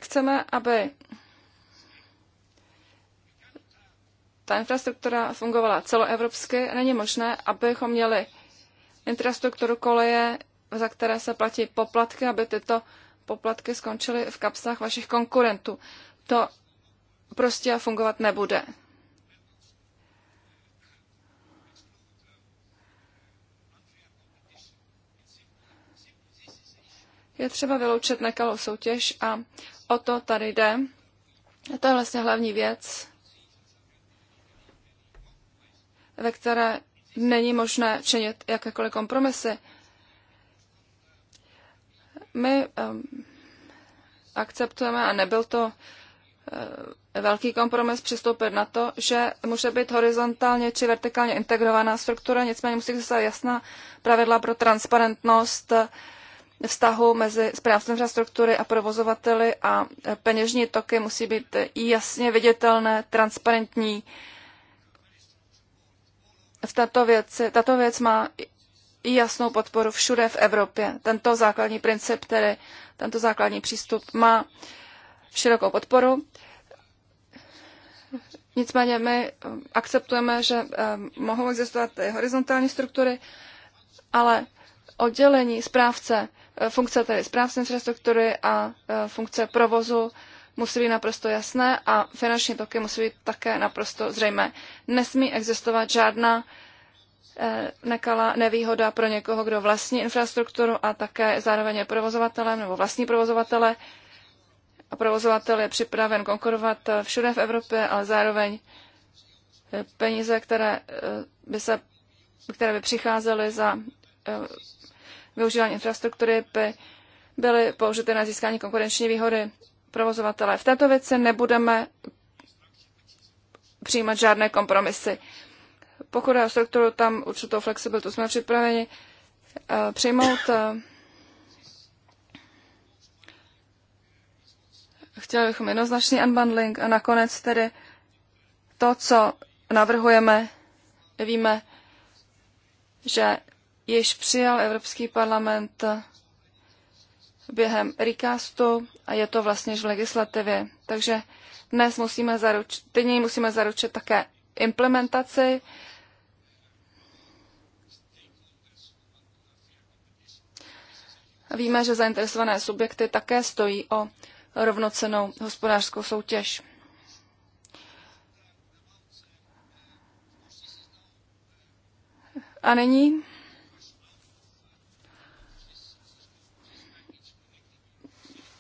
Chceme, aby ta infrastruktura fungovala celoevropsky. Není možné, abychom měli infrastrukturu koleje, za které se platí poplatky, aby tyto poplatky skončily v kapsách vašich konkurentů. To prostě fungovat nebude. je třeba vyloučit nekalou soutěž a o to tady jde. A to je vlastně hlavní věc, ve které není možné činit jakékoliv kompromisy. My um, akceptujeme, a nebyl to uh, velký kompromis, přistoupit na to, že může být horizontálně či vertikálně integrovaná struktura, nicméně musí zůstat jasná pravidla pro transparentnost, uh, vztahu mezi správcem infrastruktury a provozovateli a peněžní toky musí být jasně viditelné, transparentní. V tato, věci, tato věc má i jasnou podporu všude v Evropě. Tento základní princip, tedy tento základní přístup má širokou podporu. Nicméně my um, akceptujeme, že um, mohou existovat horizontální struktury, ale oddělení správce Eh, funkce tedy správce infrastruktury a eh, funkce provozu musí být naprosto jasné a finanční toky musí být také naprosto zřejmé. Nesmí existovat žádná eh, nekalá nevýhoda pro někoho, kdo vlastní infrastrukturu a také zároveň je provozovatelem nebo vlastní provozovatele. A provozovatel je připraven konkurovat všude v Evropě, ale zároveň peníze, které by, se, které by přicházely za využívání infrastruktury by byly použity na získání konkurenční výhody provozovatele. V této věci nebudeme přijímat žádné kompromisy. Pokud je o strukturu, tam určitou flexibilitu jsme připraveni eh, přijmout. Eh, chtěli bychom jednoznačný unbundling a nakonec tedy to, co navrhujeme, víme, že Jež přijal Evropský parlament během recastu a je to vlastně v legislativě. Takže dnes musíme zaručit, nyní musíme zaručit také implementaci. Víme, že zainteresované subjekty také stojí o rovnocenou hospodářskou soutěž. A nyní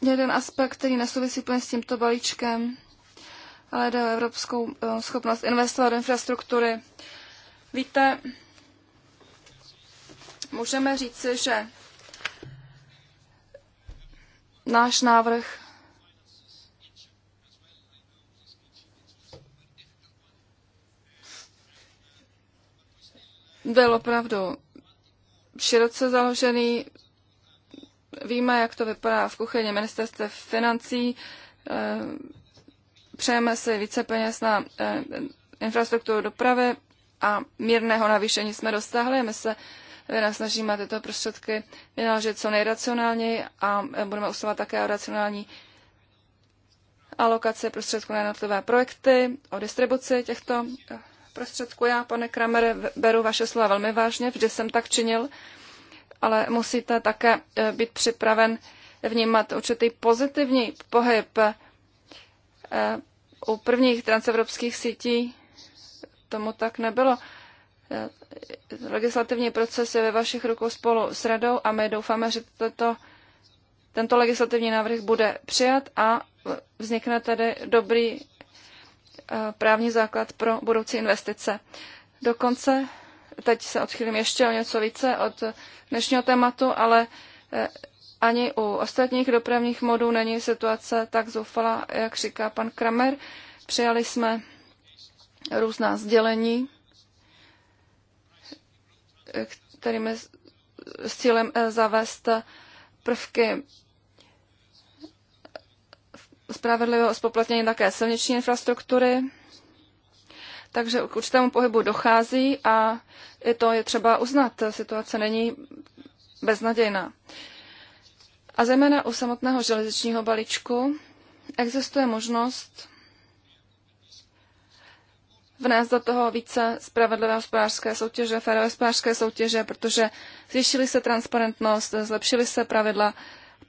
jeden aspekt, který nesouvisí úplně s tímto balíčkem, ale jde o evropskou eh, schopnost investovat do infrastruktury. Víte, můžeme říci, že náš návrh byl opravdu široce založený, Víme, jak to vypadá v kuchyni ministerstve financí. Eh, přejeme si více peněz na eh, infrastrukturu dopravy a mírného navýšení jsme dosáhli. My se eh, snažíme tyto prostředky vynaložit co nejracionálněji a budeme usilovat také o racionální alokace prostředků na jednotlivé projekty, o distribuci těchto prostředků. Já, pane Kramere, beru vaše slova velmi vážně, vždy jsem tak činil ale musíte také e, být připraven vnímat určitý pozitivní pohyb. E, u prvních transevropských sítí tomu tak nebylo. E, legislativní proces je ve vašich rukou spolu s radou a my doufáme, že tato, tento legislativní návrh bude přijat a vznikne tedy dobrý právní základ pro budoucí investice. Dokonce Teď se odchylím ještě o něco více od dnešního tématu, ale eh, ani u ostatních dopravních modů není situace tak zoufala, jak říká pan Kramer. Přijali jsme různá sdělení, kterými s cílem eh, zavést prvky spravedlivého spoplatnění také silniční infrastruktury. Takže k určitému pohybu dochází a je to je třeba uznat. Situace není beznadějná. A zejména u samotného železničního balíčku existuje možnost vnést do toho více spravedlivé hospodářské soutěže, férové hospodářské soutěže, protože zvýšily se transparentnost, zlepšily se pravidla,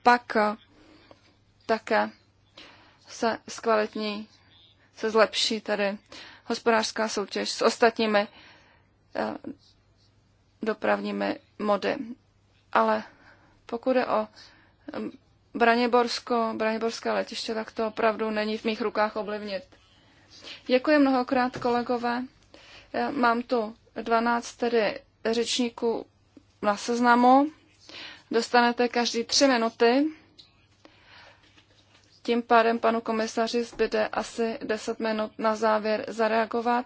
pak také se zkvalitní, se zlepší tedy hospodářská soutěž s ostatními eh, dopravními mody. Ale pokud je o hm, Braněborsko, Braněborské letiště, tak to opravdu není v mých rukách ovlivnit. Děkuji mnohokrát, kolegové. Já mám tu 12 tedy řečníků na seznamu. Dostanete každý tři minuty. Tím pádem panu komisaři zbyde asi 10 minut na závěr zareagovat,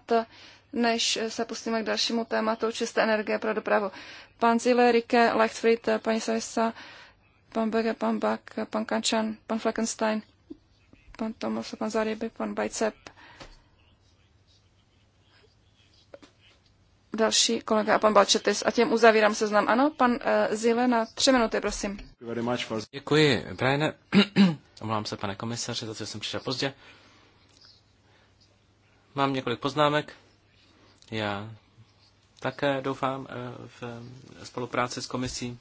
než se pustíme k dalšímu tématu čisté energie pro dopravu. Pan Zile, Rike, Lechtfried, paní Savisa, pan Bege, pan Bak, pan Kančan, pan Fleckenstein, pan Tomas, pan Zaryby, pan Bajcep další kolega a pan Balčetis. A tím uzavírám seznam. Ano, pan uh, Zile na tři minuty, prosím. Děkuji, Brian. Omlám se, pane komisaři, za to, že jsem přišel pozdě. Mám několik poznámek. Já také doufám eh, v spolupráci s komisí.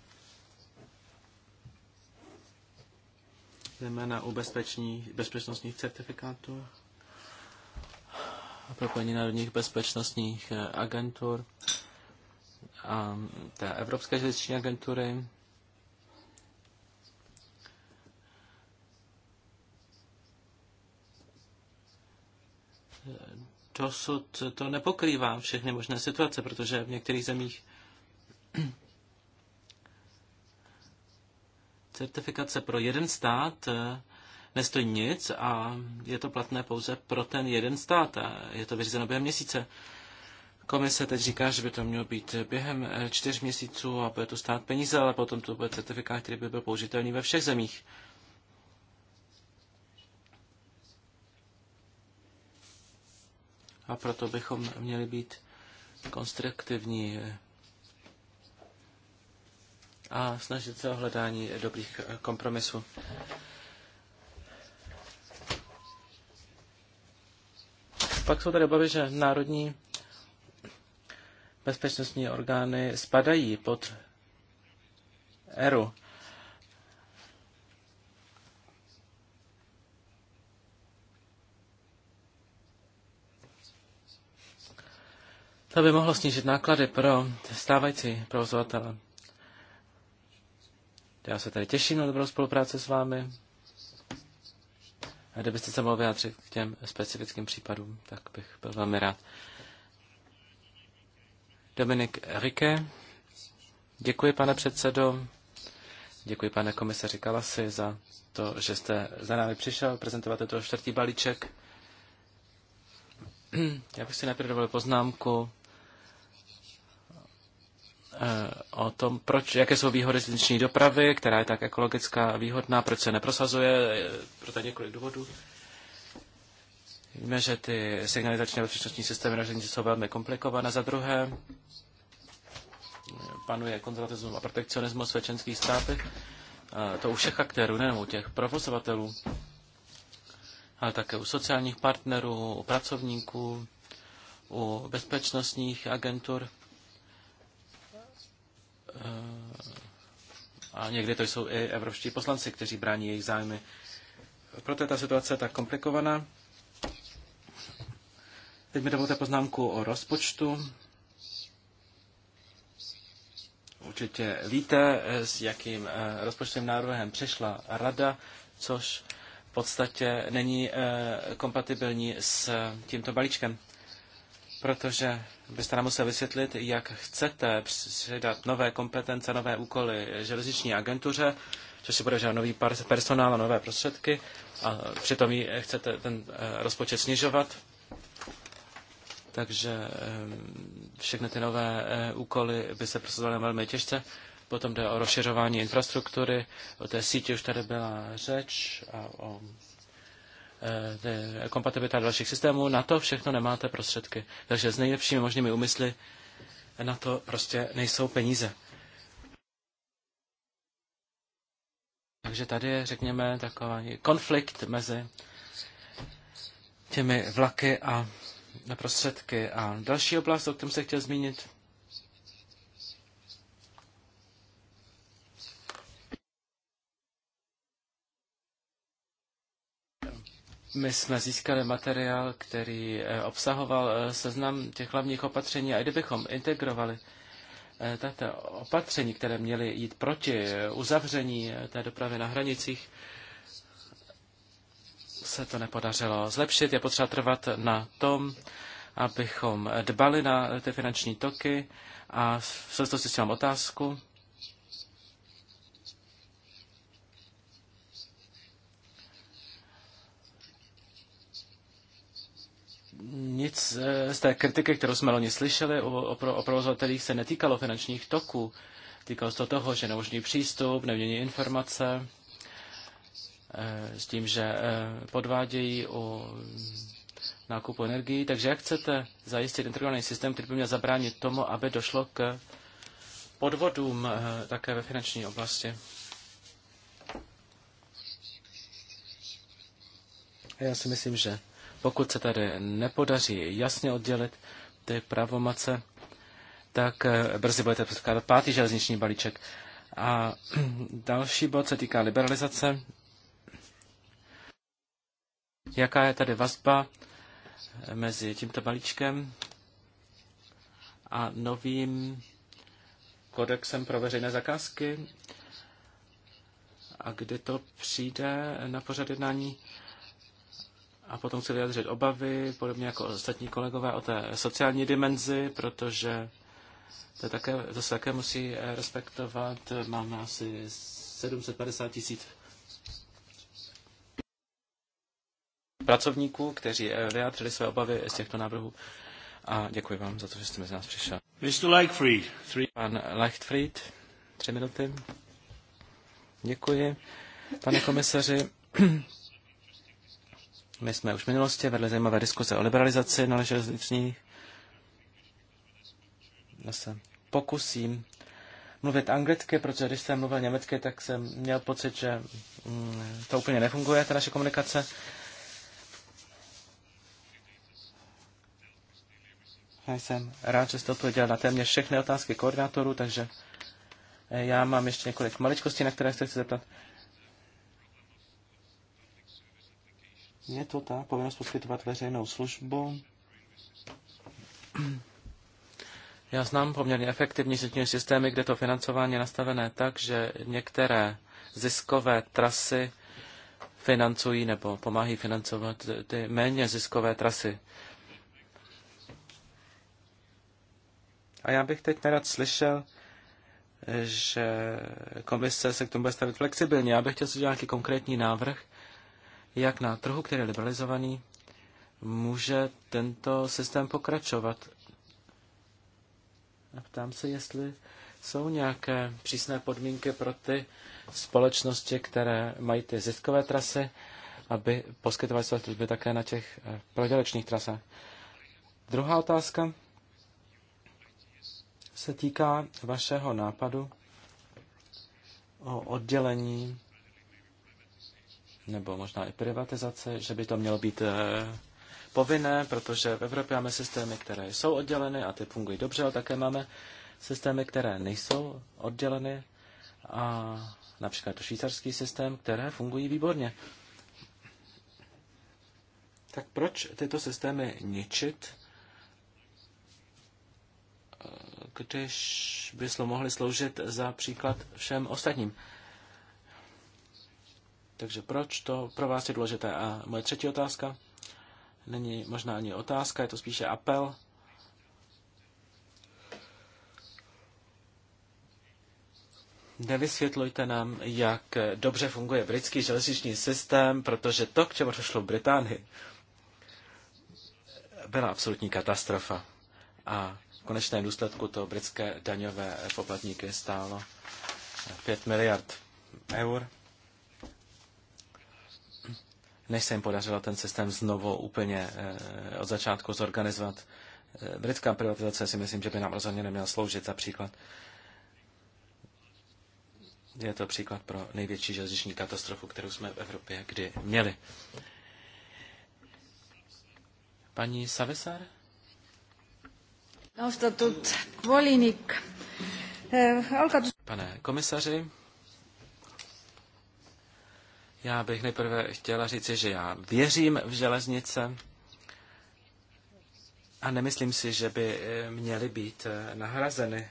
Zejména u bezpeční, bezpečnostních certifikátů propojení národních bezpečnostních eh, agentur a mm, té Evropské železniční agentury. Eh, dosud to nepokrývá všechny možné situace, protože v některých zemích certifikace pro jeden stát eh, nestojí nic a je to platné pouze pro ten jeden stát a je to vyřízeno během měsíce. Komise teď říká, že by to mělo být během eh, čtyř měsíců a bude to stát peníze, ale potom to bude certifikát, který by byl použitelný ve všech zemích. A proto bychom měli být konstruktivní eh, a snažit se o hledání dobrých eh, kompromisů. Pak jsou tady obavy, že národní bezpečnostní orgány spadají pod ERU. To by mohlo snížit náklady pro stávající provozovatele. Já se tady těším na dobrou spolupráci s vámi. Kdybyste se mohl vyjádřit k těm specifickým případům, tak bych byl velmi rád. Dominik Rike, děkuji pane předsedo, děkuji pane komisaři Kalasi za to, že jste za námi přišel prezentovat tento čtvrtý balíček. Já bych si nejprve dovolil poznámku Eh, o tom, proč, jaké jsou výhody silniční dopravy, která je tak ekologická výhodná, proč se neprosazuje, pro eh, proto několik důvodů. Víme, že ty signalizační a bezpečnostní systémy na železnici jsou velmi komplikované. Za druhé, panuje konzervatismus a protekcionismus ve členských státech. To u všech aktérů, nejen u těch provozovatelů, ale také u sociálních partnerů, u pracovníků, u bezpečnostních agentur a někdy to jsou i evropští poslanci, kteří brání jejich zájmy. Proto je ta situace tak komplikovaná. Teď mi dovolte poznámku o rozpočtu. Určitě víte, s jakým eh, rozpočtovým návrhem přišla rada, což v podstatě není eh, kompatibilní s tímto balíčkem protože byste nám museli vysvětlit, jak chcete přidat nové kompetence, nové úkoly železniční agentuře, což se bude nový personál a nové prostředky, a přitom chcete ten eh, rozpočet snižovat. Takže eh, všechny ty nové eh, úkoly by se prosazovaly velmi těžce. Potom jde o rozšiřování infrastruktury, o té síti už tady byla řeč a o Eh, eh, kompatibilita dalších systémů, na to všechno nemáte prostředky. Takže s nejlepšími možnými úmysly na to prostě nejsou peníze. Takže tady je, řekněme, takový konflikt mezi těmi vlaky a prostředky. A další oblast, o kterém se chtěl zmínit, My jsme získali materiál, který eh, obsahoval eh, seznam těch hlavních opatření a kdybychom integrovali eh, tato opatření, které měly jít proti uzavření té dopravy na hranicích, se to nepodařilo zlepšit. Je potřeba trvat na tom, abychom dbali na ty finanční toky a v souvislosti s tím otázku. nic eh, z té kritiky, kterou jsme loni slyšeli o, o, o provozovatelích, se netýkalo finančních toků. Týkalo se to toho, že nemožný přístup, nemění informace, eh, s tím, že eh, podvádějí o nákupu energii. Takže jak chcete zajistit integrovaný systém, který by měl zabránit tomu, aby došlo k podvodům také ve finanční oblasti? Já si myslím, že pokud se tady nepodaří jasně oddělit ty pravomace, tak eh, brzy budete předkládat pátý železniční balíček. A další bod se týká liberalizace. Jaká je tady vazba eh, mezi tímto balíčkem a novým kodexem pro veřejné zakázky? A kdy to přijde na pořad jednání? A potom chci vyjadřit obavy, podobně jako ostatní kolegové, o té sociální dimenzi, protože to, také, to se také musí respektovat. Máme asi 750 tisíc pracovníků, kteří eh, vyjádřili své obavy z těchto návrhů. A děkuji vám za to, že jste mezi nás přišel. Mr. Leichfried, three... Pan Leichtfried, tři minuty. Děkuji. Pane komisaři, My jsme už v minulosti vedli zajímavé diskuze o liberalizaci na železničních. Já se pokusím mluvit anglicky, protože když jsem mluvil německy, tak jsem měl pocit, že mm, to úplně nefunguje, ta naše komunikace. Já jsem rád, že jste odpověděl na téměř všechny otázky koordinátorů, takže já mám ještě několik maličkostí, na které se chci zeptat. Je to ta povinnost poskytovat veřejnou službu. Já znám poměrně efektivní sítní systémy, kde to financování je nastavené tak, že některé ziskové trasy financují nebo pomáhají financovat ty méně ziskové trasy. A já bych teď nerad slyšel, že komise se k tomu bude stavit flexibilně. Já bych chtěl si nějaký konkrétní návrh, jak na trhu, který je liberalizovaný, může tento systém pokračovat. A ptám se, jestli jsou nějaké přísné podmínky pro ty společnosti, které mají ty ziskové trasy, aby poskytovaly své služby také na těch eh, prodělečných trasách. Druhá otázka se týká vašeho nápadu o oddělení nebo možná i privatizace, že by to mělo být eh, povinné, protože v Evropě máme systémy, které jsou odděleny a ty fungují dobře, ale také máme systémy, které nejsou odděleny a například to švýcarský systém, které fungují výborně. Tak proč tyto systémy ničit, eh, když by mohly sloužit za příklad všem ostatním? Takže proč to pro vás je důležité? A moje třetí otázka není možná ani otázka, je to spíše apel. Nevysvětlujte nám, jak dobře funguje britský železniční systém, protože to, k čemu došlo v Británii, byla absolutní katastrofa. A v konečném důsledku to britské daňové poplatníky stálo 5 miliard eur než se jim podařilo ten systém znovu úplně eh, od začátku zorganizovat. Eh, britská privatizace si myslím, že by nám rozhodně neměla sloužit za příklad. Je to příklad pro největší železniční katastrofu, kterou jsme v Evropě kdy měli. Paní Savisar? Eh, Pane komisaři, já bych nejprve chtěla říci, že já věřím v železnice a nemyslím si, že by eh, měly být eh, nahrazeny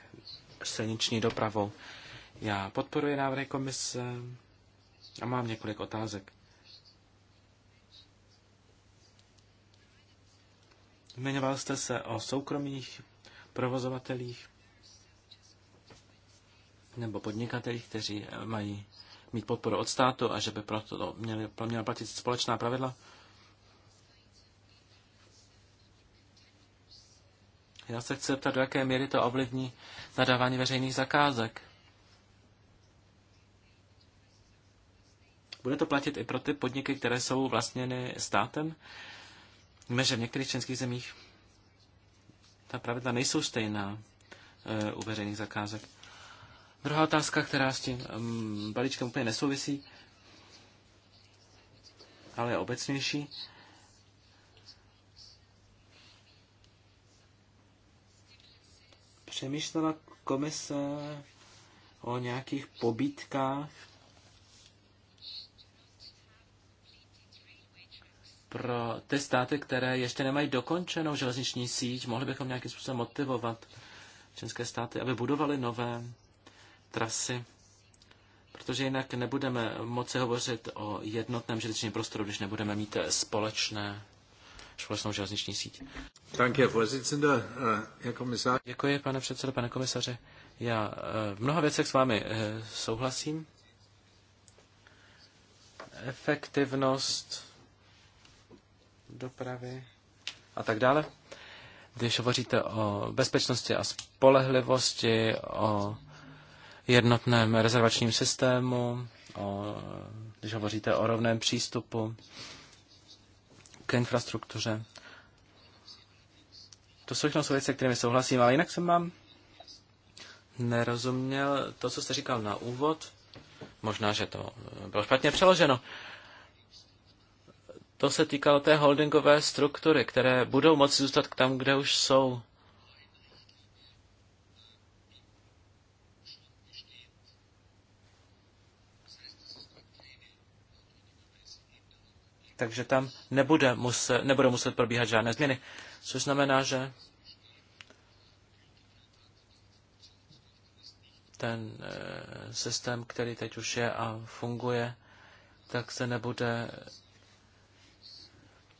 silniční dopravou. Já podporuji návrhy komise a mám několik otázek. Zmiňoval jste se o soukromých provozovatelích nebo podnikatelích, kteří mají mít podporu od státu a že by proto to měly, měla platit společná pravidla. Já se chci zeptat, do jaké míry to ovlivní zadávání veřejných zakázek. Bude to platit i pro ty podniky, které jsou vlastněny státem? Víme, že v některých členských zemích ta pravidla nejsou stejná e, u veřejných zakázek. Druhá otázka, která s tím um, balíčkem úplně nesouvisí, ale je obecnější. Přemýšlela komise o nějakých pobítkách pro ty státy, které ještě nemají dokončenou železniční síť, mohli bychom nějakým způsobem motivovat členské státy, aby budovali nové trasy, protože jinak nebudeme moci hovořit o jednotném železničním prostoru, když nebudeme mít společné společnou železniční síť. Äh, Děkuji, pane předsedo, pane komisaře. Já äh, v mnoha věcech s vámi äh, souhlasím. Efektivnost dopravy a tak dále. Když hovoříte o bezpečnosti a spolehlivosti, o jednotném rezervačním systému, o, když hovoříte o rovném přístupu k infrastruktuře. To jsou všechno jsou věci, kterými souhlasím, ale jinak jsem vám nerozuměl to, co jste říkal na úvod. Možná, že to eh, bylo špatně přeloženo. To se týkalo té holdingové struktury, které budou moci zůstat tam, kde už jsou. takže tam nebude muset, nebude muset probíhat žádné změny. Což znamená, že ten e, systém, který teď už je a funguje, tak se nebude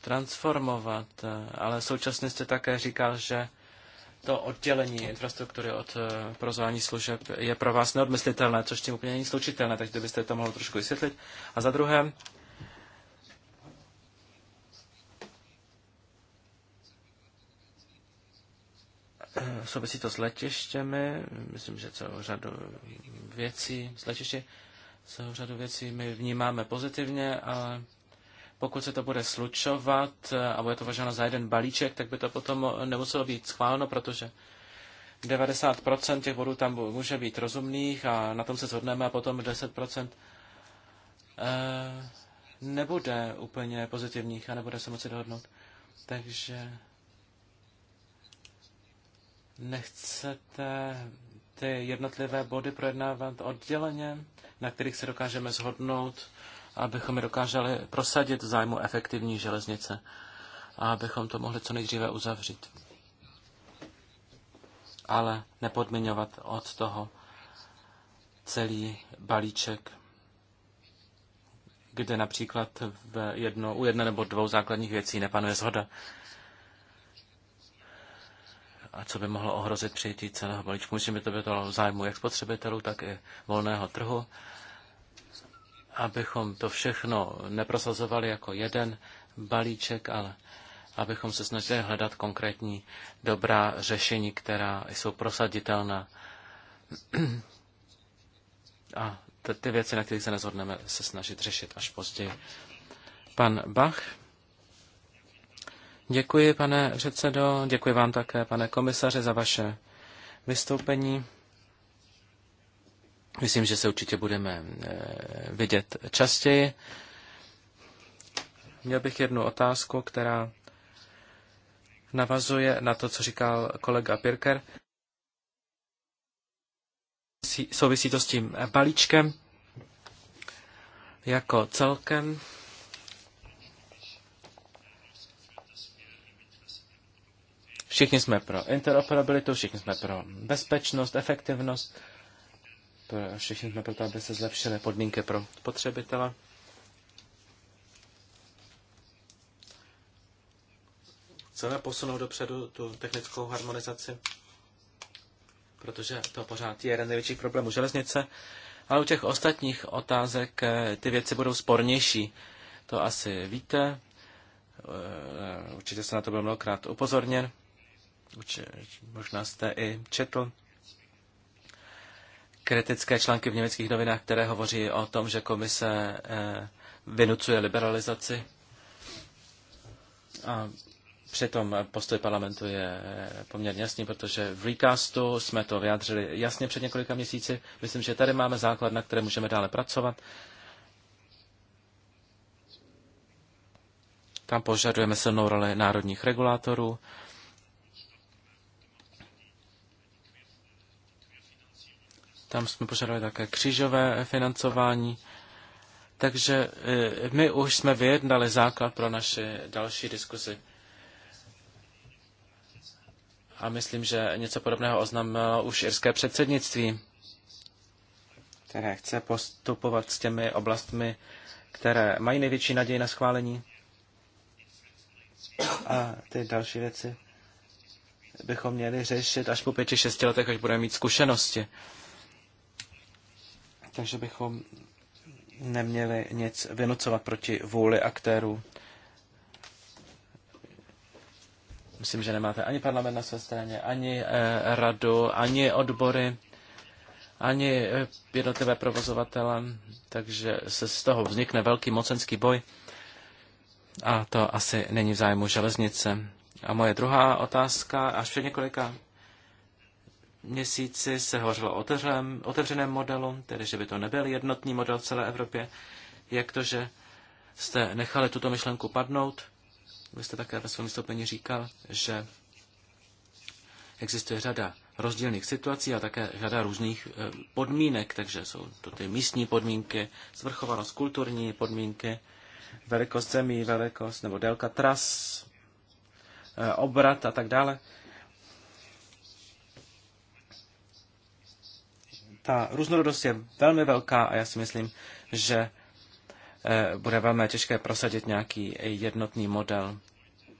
transformovat. E, ale současně jste také říkal, že to oddělení infrastruktury od e, provozování služeb je pro vás neodmyslitelné, což tím úplně není slučitelné, takže byste to mohl trošku vysvětlit. A za druhé, Eh, souvisí to s letištěmi, myslím, že celou řadu věcí s letiště, celou řadu věcí my vnímáme pozitivně, ale pokud se to bude slučovat eh, a bude to považováno za jeden balíček, tak by to potom nemuselo být schváleno, protože 90% těch bodů tam může být rozumných a na tom se shodneme a potom 10% eh, nebude úplně pozitivních a nebude se moci dohodnout. Takže nechcete ty jednotlivé body projednávat odděleně, na kterých se dokážeme shodnout, abychom je dokázali prosadit v zájmu efektivní železnice a abychom to mohli co nejdříve uzavřít. Ale nepodmiňovat od toho celý balíček, kde například v jedno, u jedné nebo dvou základních věcí nepanuje zhoda a co by mohlo ohrozit přijetí celého balíčku. Myslím, že to by to bylo v zájmu jak spotřebitelů, tak i volného trhu, abychom to všechno neprosazovali jako jeden balíček, ale abychom se snažili hledat konkrétní dobrá řešení, která jsou prosaditelná. A ty věci, na kterých se nezhodneme, se snažit řešit až později. Pan Bach. Děkuji, pane předsedo, děkuji vám také, pane komisaře, za vaše vystoupení. Myslím, že se určitě budeme eh, vidět častěji. Měl bych jednu otázku, která navazuje na to, co říkal kolega Pirker. Souvisí to s tím balíčkem jako celkem. Všichni jsme pro interoperabilitu, všichni jsme pro bezpečnost, efektivnost, všichni jsme pro to, aby se zlepšily podmínky pro spotřebitele. Chceme posunout dopředu tu technickou harmonizaci, protože to pořád je jeden největších problémů železnice, ale u těch ostatních otázek eh, ty věci budou spornější. To asi víte, eh, určitě se na to byl mnohokrát upozorněn možná jste i četl kritické články v německých novinách, které hovoří o tom, že komise eh, vynucuje liberalizaci a Přitom postoj parlamentu je eh, poměrně jasný, protože v recastu jsme to vyjádřili jasně před několika měsíci. Myslím, že tady máme základ, na které můžeme dále pracovat. Tam požadujeme silnou roli národních regulátorů Tam jsme požadovali také křížové financování. Takže e, my už jsme vyjednali základ pro naše další diskuzi. A myslím, že něco podobného oznámilo už irské předsednictví, které chce postupovat s těmi oblastmi, které mají největší naději na schválení. A ty další věci bychom měli řešit až po pěti, šesti letech, až budeme mít zkušenosti takže bychom neměli nic vynucovat proti vůli aktérů. Myslím, že nemáte ani parlament na své straně, ani eh, radu, ani odbory, ani eh, jednotlivé provozovatele, takže se z toho vznikne velký mocenský boj a to asi není v zájmu železnice. A moje druhá otázka, až před několika měsíci se hovořilo o otevřeném, otevřeném modelu, tedy že by to nebyl jednotný model v celé Evropě. Jak to, že jste nechali tuto myšlenku padnout? Vy jste také ve svém vystoupení říkal, že existuje řada rozdílných situací a také řada různých eh, podmínek, takže jsou to ty místní podmínky, svrchovanost, kulturní podmínky, velikost zemí, velikost nebo délka tras, eh, obrat a tak dále. ta různorodost je velmi velká a já si myslím, že eh, bude velmi těžké prosadit nějaký jednotný model.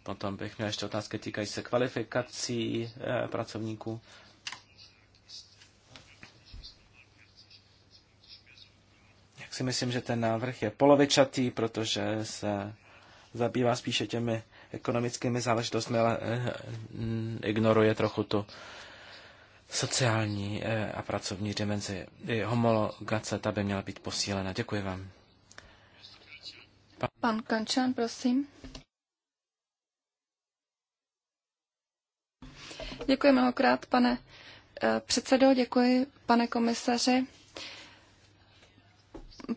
Potom bych měl ještě otázky týkající se kvalifikací eh, pracovníků. Jak si myslím, že ten návrh je polovičatý, protože se zabývá spíše těmi ekonomickými záležitostmi, ale eh, ignoruje trochu tu sociální eh, a pracovní dimenzi. I homologace, ta by měla být posílena. Děkuji vám. Pan, Pan Kančan, prosím. Děkuji mnohokrát, pane eh, předsedo, děkuji, pane komisaři.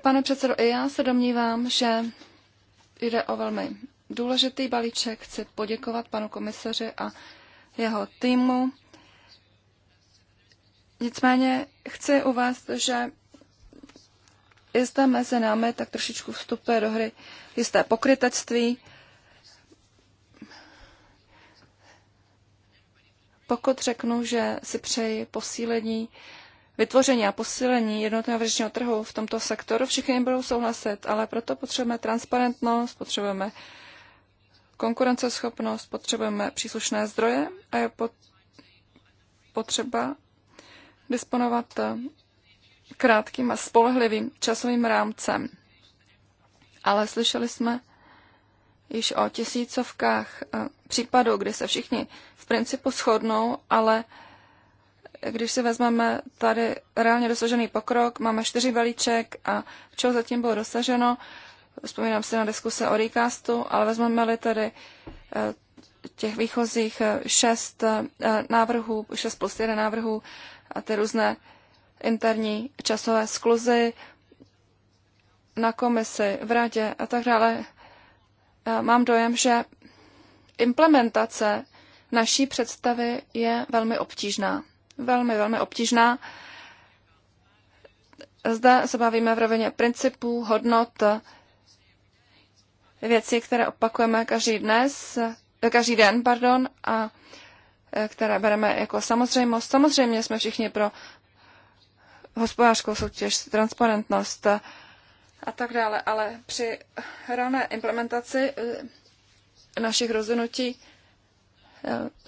Pane předsedo, i já se domnívám, že jde o velmi důležitý balíček. Chci poděkovat panu komisaři a jeho týmu Nicméně chci uvést, že i zde mezi námi tak trošičku vstupuje do hry jisté pokrytectví. Pokud řeknu, že si přeji posílení, vytvoření a posílení jednotného vnitřního trhu v tomto sektoru, všichni budou souhlasit, ale proto potřebujeme transparentnost, potřebujeme konkurenceschopnost, potřebujeme příslušné zdroje a je potřeba disponovat eh, krátkým a spolehlivým časovým rámcem. Ale slyšeli jsme již o tisícovkách eh, případů, kdy se všichni v principu shodnou, ale když si vezmeme tady reálně dosažený pokrok, máme čtyři balíček a čeho zatím bylo dosaženo, vzpomínám si na diskuse o recastu, ale vezmeme-li tady eh, těch výchozích šest návrhů, šest plus jeden návrhů, a ty různé interní časové skluzy na komisi, v radě a tak dále, e, mám dojem, že implementace naší představy je velmi obtížná. Velmi, velmi obtížná. Zde se bavíme v rovině principů, hodnot, věcí, které opakujeme každý dnes, e, každý den, pardon, a Eh, které bereme jako samozřejmost. Samozřejmě jsme všichni pro hospodářskou soutěž, transparentnost eh, a tak dále, ale při rané implementaci eh, našich rozhodnutí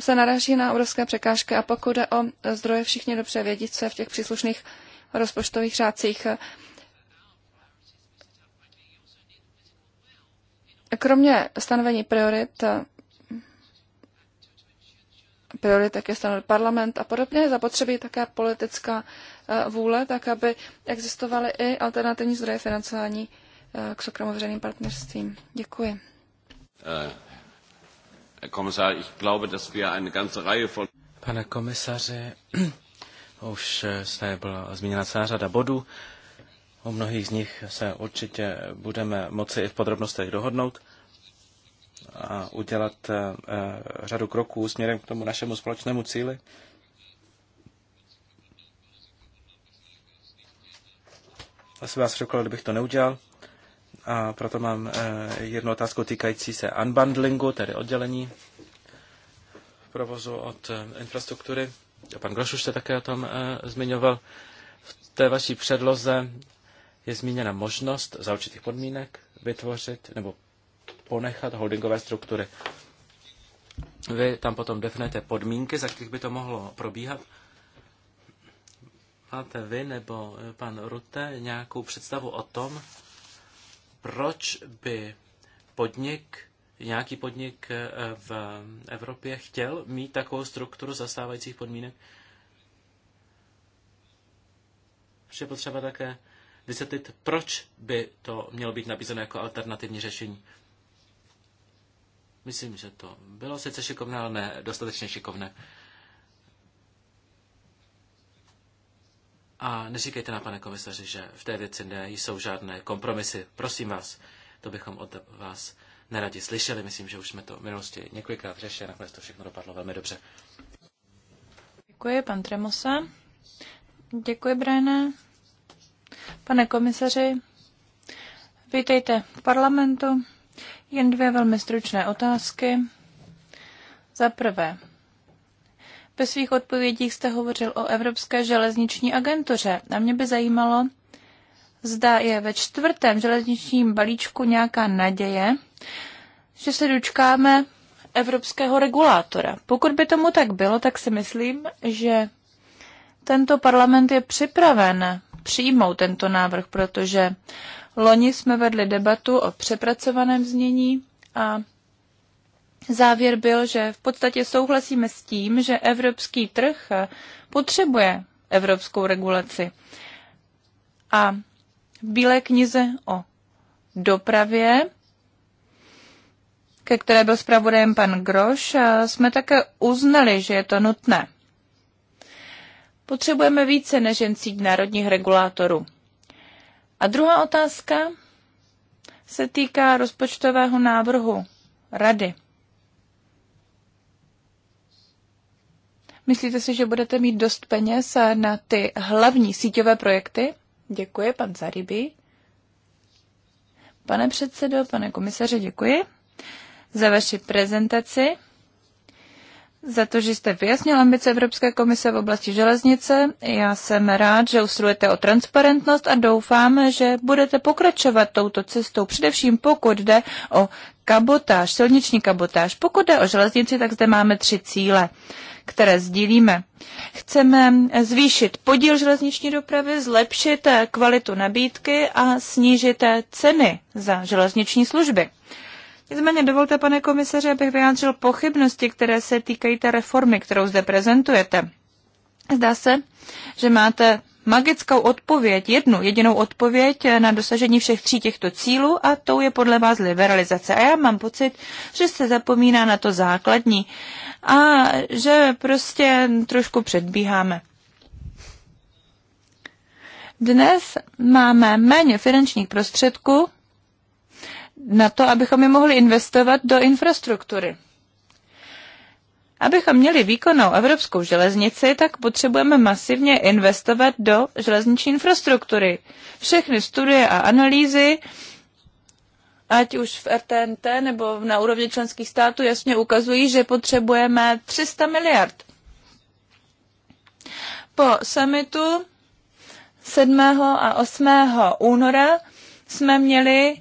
se naráží na obrovské překážky a pokud jde o zdroje, všichni dobře vědí, co je v těch příslušných rozpočtových řádcích. Kromě stanovení priorit priorit, jak je stanovil parlament a podobně. Je zapotřebí také politická eh, vůle, tak aby existovaly i alternativní zdroje financování eh, k soukromoveřejným partnerstvím. Děkuji. Pane komisaři, už se eh, byla zmíněna celá řada bodů. O mnohých z nich se určitě budeme moci i v podrobnostech dohodnout a udělat eh, eh, řadu kroků směrem k tomu našemu společnému cíli. Asi vás řekl, kdybych to neudělal. A proto mám eh, jednu otázku týkající se unbundlingu, tedy oddělení provozu od infrastruktury. A pan Groš už se také o tom zmiňoval. V té vaší předloze je zmíněna možnost za určitých podmínek vytvořit nebo ponechat holdingové struktury. Vy tam potom definujete podmínky, za kterých by to mohlo probíhat. Máte vy nebo eh, pan Rute nějakou představu o tom, proč by podnik, nějaký podnik eh, v Evropě chtěl mít takovou strukturu zastávajících podmínek? Je potřeba také vysvětlit, proč by to mělo být nabízeno jako alternativní řešení. Myslím, že to bylo sice šikovné, ale ne dostatečně šikovné. A neříkejte na pane komisaři, že v té věci nejsou žádné kompromisy. Prosím vás, to bychom od vás neradi slyšeli. Myslím, že už jsme to v minulosti několikrát řešili, nakonec to všechno dopadlo velmi dobře. Děkuji, pan Tremosa. Děkuji, Brené. Pane komisaři, vítejte v parlamentu. Jen dvě velmi stručné otázky. Za prvé, ve svých odpovědích jste hovořil o Evropské železniční agentuře a mě by zajímalo, zda je ve čtvrtém železničním balíčku nějaká naděje, že se dočkáme evropského regulátora. Pokud by tomu tak bylo, tak si myslím, že tento parlament je připraven přijmout tento návrh, protože uh, Loni jsme vedli debatu o přepracovaném znění a závěr byl, že v podstatě souhlasíme s tím, že evropský trh potřebuje evropskou regulaci. A v Bílé knize o dopravě, ke které byl zpravodajem pan Groš, jsme také uznali, že je to nutné. Potřebujeme více než jen síť národních regulátorů. A druhá otázka se týká rozpočtového návrhu rady. Myslíte si, že budete mít dost peněz na ty hlavní síťové projekty? Děkuji, pan Zaryby. Pane předsedo, pane komisaře, děkuji za vaši prezentaci za to, že jste vyjasnil ambice Evropské komise v oblasti železnice. Já jsem rád, že usilujete o transparentnost a doufám, že budete pokračovat touto cestou, především pokud jde o kabotáž, silniční kabotáž. Pokud jde o železnici, tak zde máme tři cíle které sdílíme. Chceme zvýšit podíl železniční dopravy, zlepšit kvalitu nabídky a snížit ceny za železniční služby. Nicméně dovolte, pane komisaři, abych vyjádřil pochybnosti, které se týkají té reformy, kterou zde prezentujete. Zdá se, že máte magickou odpověď, jednu jedinou odpověď na dosažení všech tří těchto cílů a tou je podle vás liberalizace. A já mám pocit, že se zapomíná na to základní a že prostě trošku předbíháme. Dnes máme méně finančních prostředků na to, abychom je mohli investovat do infrastruktury. Abychom měli výkonnou evropskou železnici, tak potřebujeme masivně investovat do železniční infrastruktury. Všechny studie a analýzy, ať už v RTNT nebo na úrovni členských států, jasně ukazují, že potřebujeme 300 miliard. Po summitu 7. a 8. února jsme měli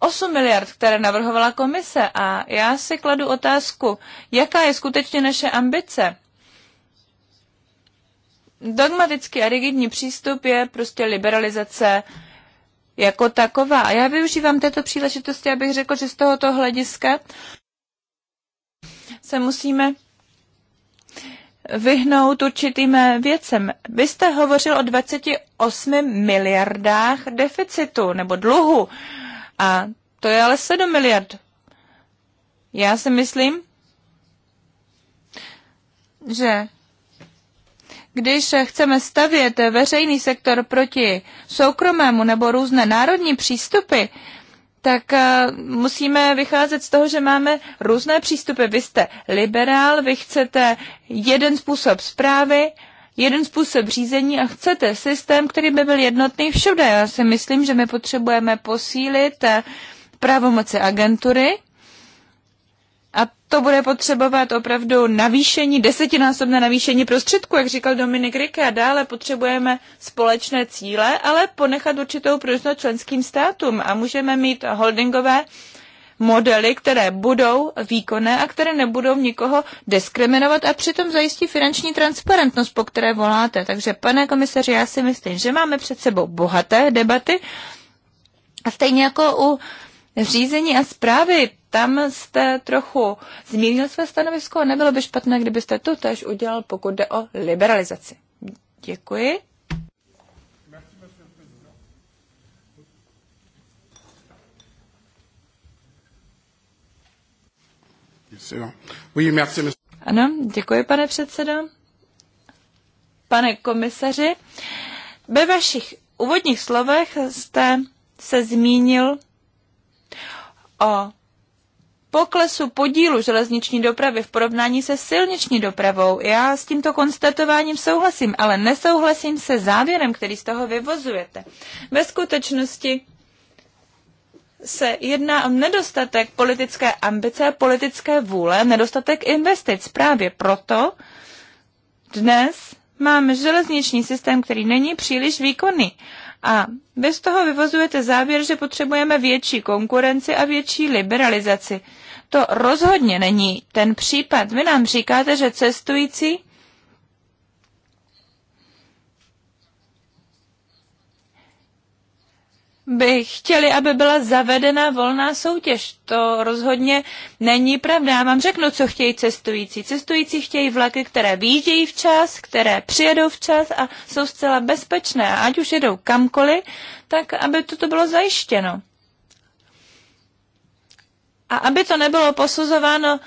8 miliard, které navrhovala komise. A já si kladu otázku, jaká je skutečně naše ambice. Dogmatický a rigidní přístup je prostě liberalizace jako taková. A já využívám této příležitosti, abych řekl, že z tohoto hlediska se musíme vyhnout určitým věcem. Vy jste hovořil o 28 miliardách deficitu nebo dluhu. Uh, a to je ale 7 miliard. Já si myslím, že když chceme stavět veřejný sektor proti soukromému nebo různé národní přístupy, tak eh, musíme vycházet z toho, že máme různé přístupy. Vy jste liberál, vy chcete jeden způsob zprávy jeden způsob řízení a chcete systém, který by byl jednotný všude. Já si myslím, že my potřebujeme posílit eh, pravomoci agentury a to bude potřebovat opravdu navýšení, desetinásobné navýšení prostředků, jak říkal Dominik Ricke a dále potřebujeme společné cíle, ale ponechat určitou průznost členským státům a můžeme mít holdingové modely, které budou výkonné a které nebudou nikoho diskriminovat a přitom zajistí finanční transparentnost, po které voláte. Takže, pane komisaři, já si myslím, že máme před sebou bohaté debaty a stejně jako u řízení a zprávy, tam jste trochu zmínil své stanovisko a nebylo by špatné, kdybyste to tež udělal, pokud jde o liberalizaci. Děkuji. No. Ano, děkuji, pane předsedo. Pane komisaři, ve vašich úvodních slovech jste se zmínil o poklesu podílu železniční dopravy v porovnání se silniční dopravou. Já s tímto konstatováním souhlasím, ale nesouhlasím se závěrem, který z toho vyvozujete. Ve skutečnosti se jedná o nedostatek politické ambice, politické vůle, nedostatek investic. Právě proto dnes máme železniční systém, který není příliš výkonný. A bez toho vyvozujete závěr, že potřebujeme větší konkurenci a větší liberalizaci. To rozhodně není ten případ. Vy nám říkáte, že cestující by chtěli, aby byla zavedena volná soutěž. To rozhodně není pravda. Já vám řeknu, co chtějí cestující. Cestující chtějí vlaky, které výjíždějí včas, které přijedou včas a jsou zcela bezpečné. A ať už jedou kamkoliv, tak aby toto bylo zajištěno. A aby to nebylo posuzováno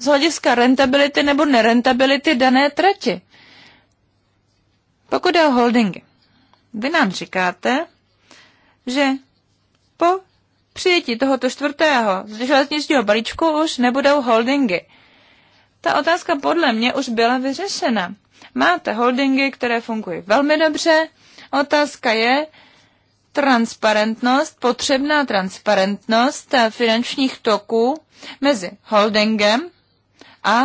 z hlediska rentability nebo nerentability dané trati. Pokud je o holdingy, vy nám říkáte, že po přijetí tohoto čtvrtého železničního balíčku už nebudou holdingy. Ta otázka podle mě už byla vyřešena. Máte holdingy, které fungují velmi dobře. Otázka je transparentnost, potřebná transparentnost finančních toků mezi holdingem a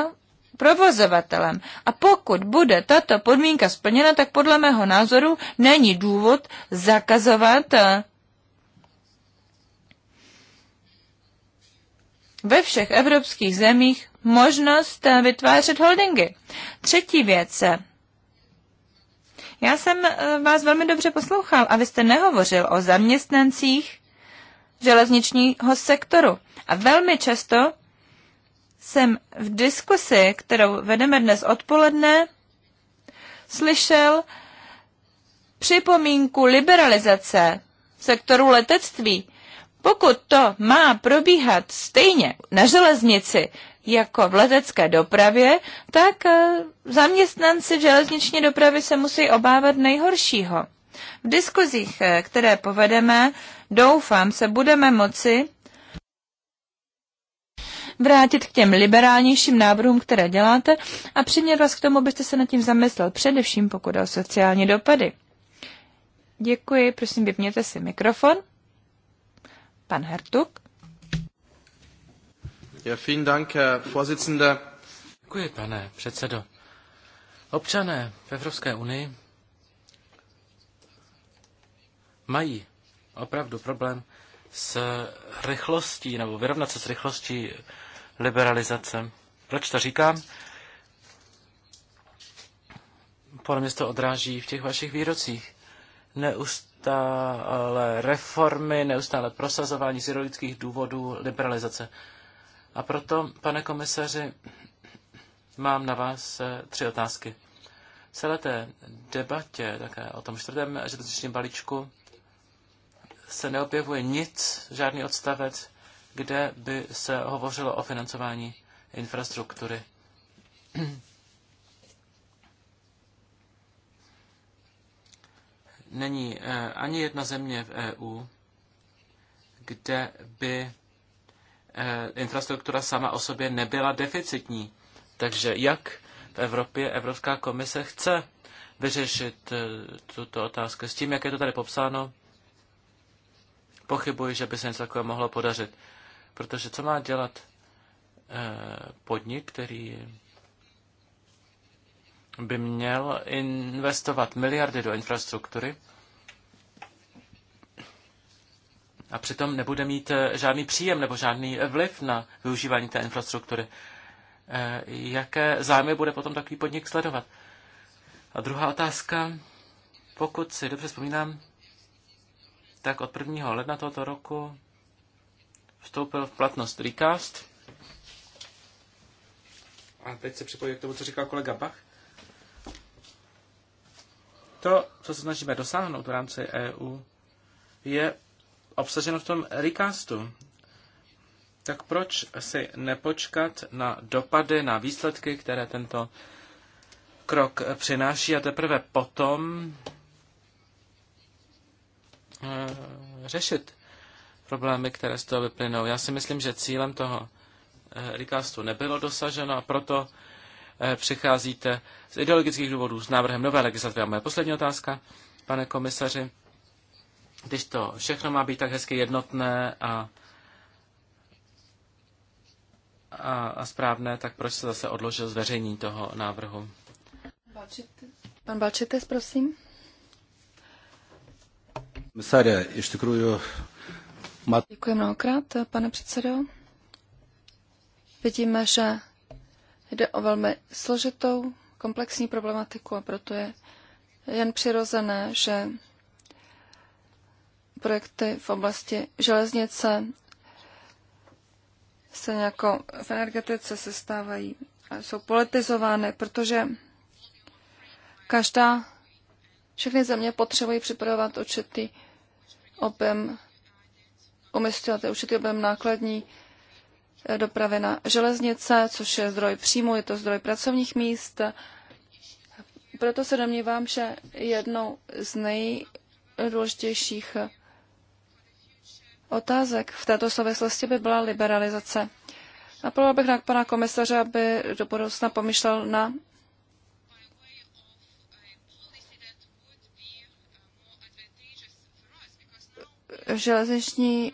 provozovatelem. A pokud bude tato podmínka splněna, tak podle mého názoru není důvod zakazovat eh, ve všech evropských zemích možnost eh, vytvářet holdingy. Třetí věc. Já jsem eh, vás velmi dobře poslouchal a vy jste nehovořil o zaměstnancích železničního sektoru. A velmi často jsem v diskusi, kterou vedeme dnes odpoledne, slyšel připomínku liberalizace sektoru letectví. Pokud to má probíhat stejně na železnici jako v letecké dopravě, tak eh, zaměstnanci v železniční dopravy se musí obávat nejhoršího. V diskuzích, eh, které povedeme, doufám, se budeme moci vrátit k těm liberálnějším návrhům, které děláte a přimět vás k tomu, abyste se nad tím zamyslel, především pokud o sociální dopady. Děkuji, prosím, vypněte si mikrofon. Pan Hertuk. Ja, vielen Dank, Herr Vorsitzender. Děkuji, pane předsedo. Občané v Evropské unii mají opravdu problém s rychlostí, nebo vyrovnat se s rychlostí liberalizace. Proč to říkám? Podle mě to odráží v těch vašich výrocích. Neustále reformy, neustále prosazování z ideologických důvodů liberalizace. A proto, pane komisaři, mám na vás eh, tři otázky. V celé té debatě, také o tom čtvrtém železničním balíčku, se neobjevuje nic, žádný odstavec, kde by se hovořilo o financování infrastruktury. Není eh, ani jedna země v EU, kde by eh, infrastruktura sama o sobě nebyla deficitní. Takže jak v Evropě Evropská komise chce vyřešit eh, tuto otázku? S tím, jak je to tady popsáno, pochybuji, že by se něco takového mohlo podařit. Protože co má dělat eh, podnik, který by měl investovat miliardy do infrastruktury a přitom nebude mít eh, žádný příjem nebo žádný vliv na využívání té infrastruktury. Eh, jaké zájmy bude potom takový podnik sledovat? A druhá otázka, pokud si dobře vzpomínám, tak od 1. ledna tohoto roku vstoupil v platnost recast. A teď se připojí k tomu, co říkal kolega Bach. To, co se snažíme dosáhnout v rámci EU, je obsaženo v tom recastu. Tak proč si nepočkat na dopady, na výsledky, které tento krok přináší a teprve potom eh, řešit problémy, které z toho vyplynou. Já si myslím, že cílem toho eh, recastu nebylo dosaženo a proto eh, přicházíte z ideologických důvodů s návrhem nové legislativy. A moje poslední otázka, pane komisaři, když to všechno má být tak hezky jednotné a, a, a správné, tak proč se zase odložil zveřejnění toho návrhu? Pan Balčetes, prosím. Komisarė, iš tikrųjų Děkuji mnohokrát, pane předsedo. Vidíme, že jde o velmi složitou, komplexní problematiku a proto je jen přirozené, že projekty v oblasti železnice se jako v energetice se stávají a jsou politizovány, protože každá, všechny země potřebují připravovat určitý objem umystil určitý objem nákladní eh, dopravy na železnice, což je zdroj příjmu, je to zdroj pracovních míst. Proto se domnívám, že jednou z nejdůležitějších eh, otázek v této souvislosti by byla liberalizace. Napoloval bych na pana komisaře, aby do budoucna pomyšlel na železniční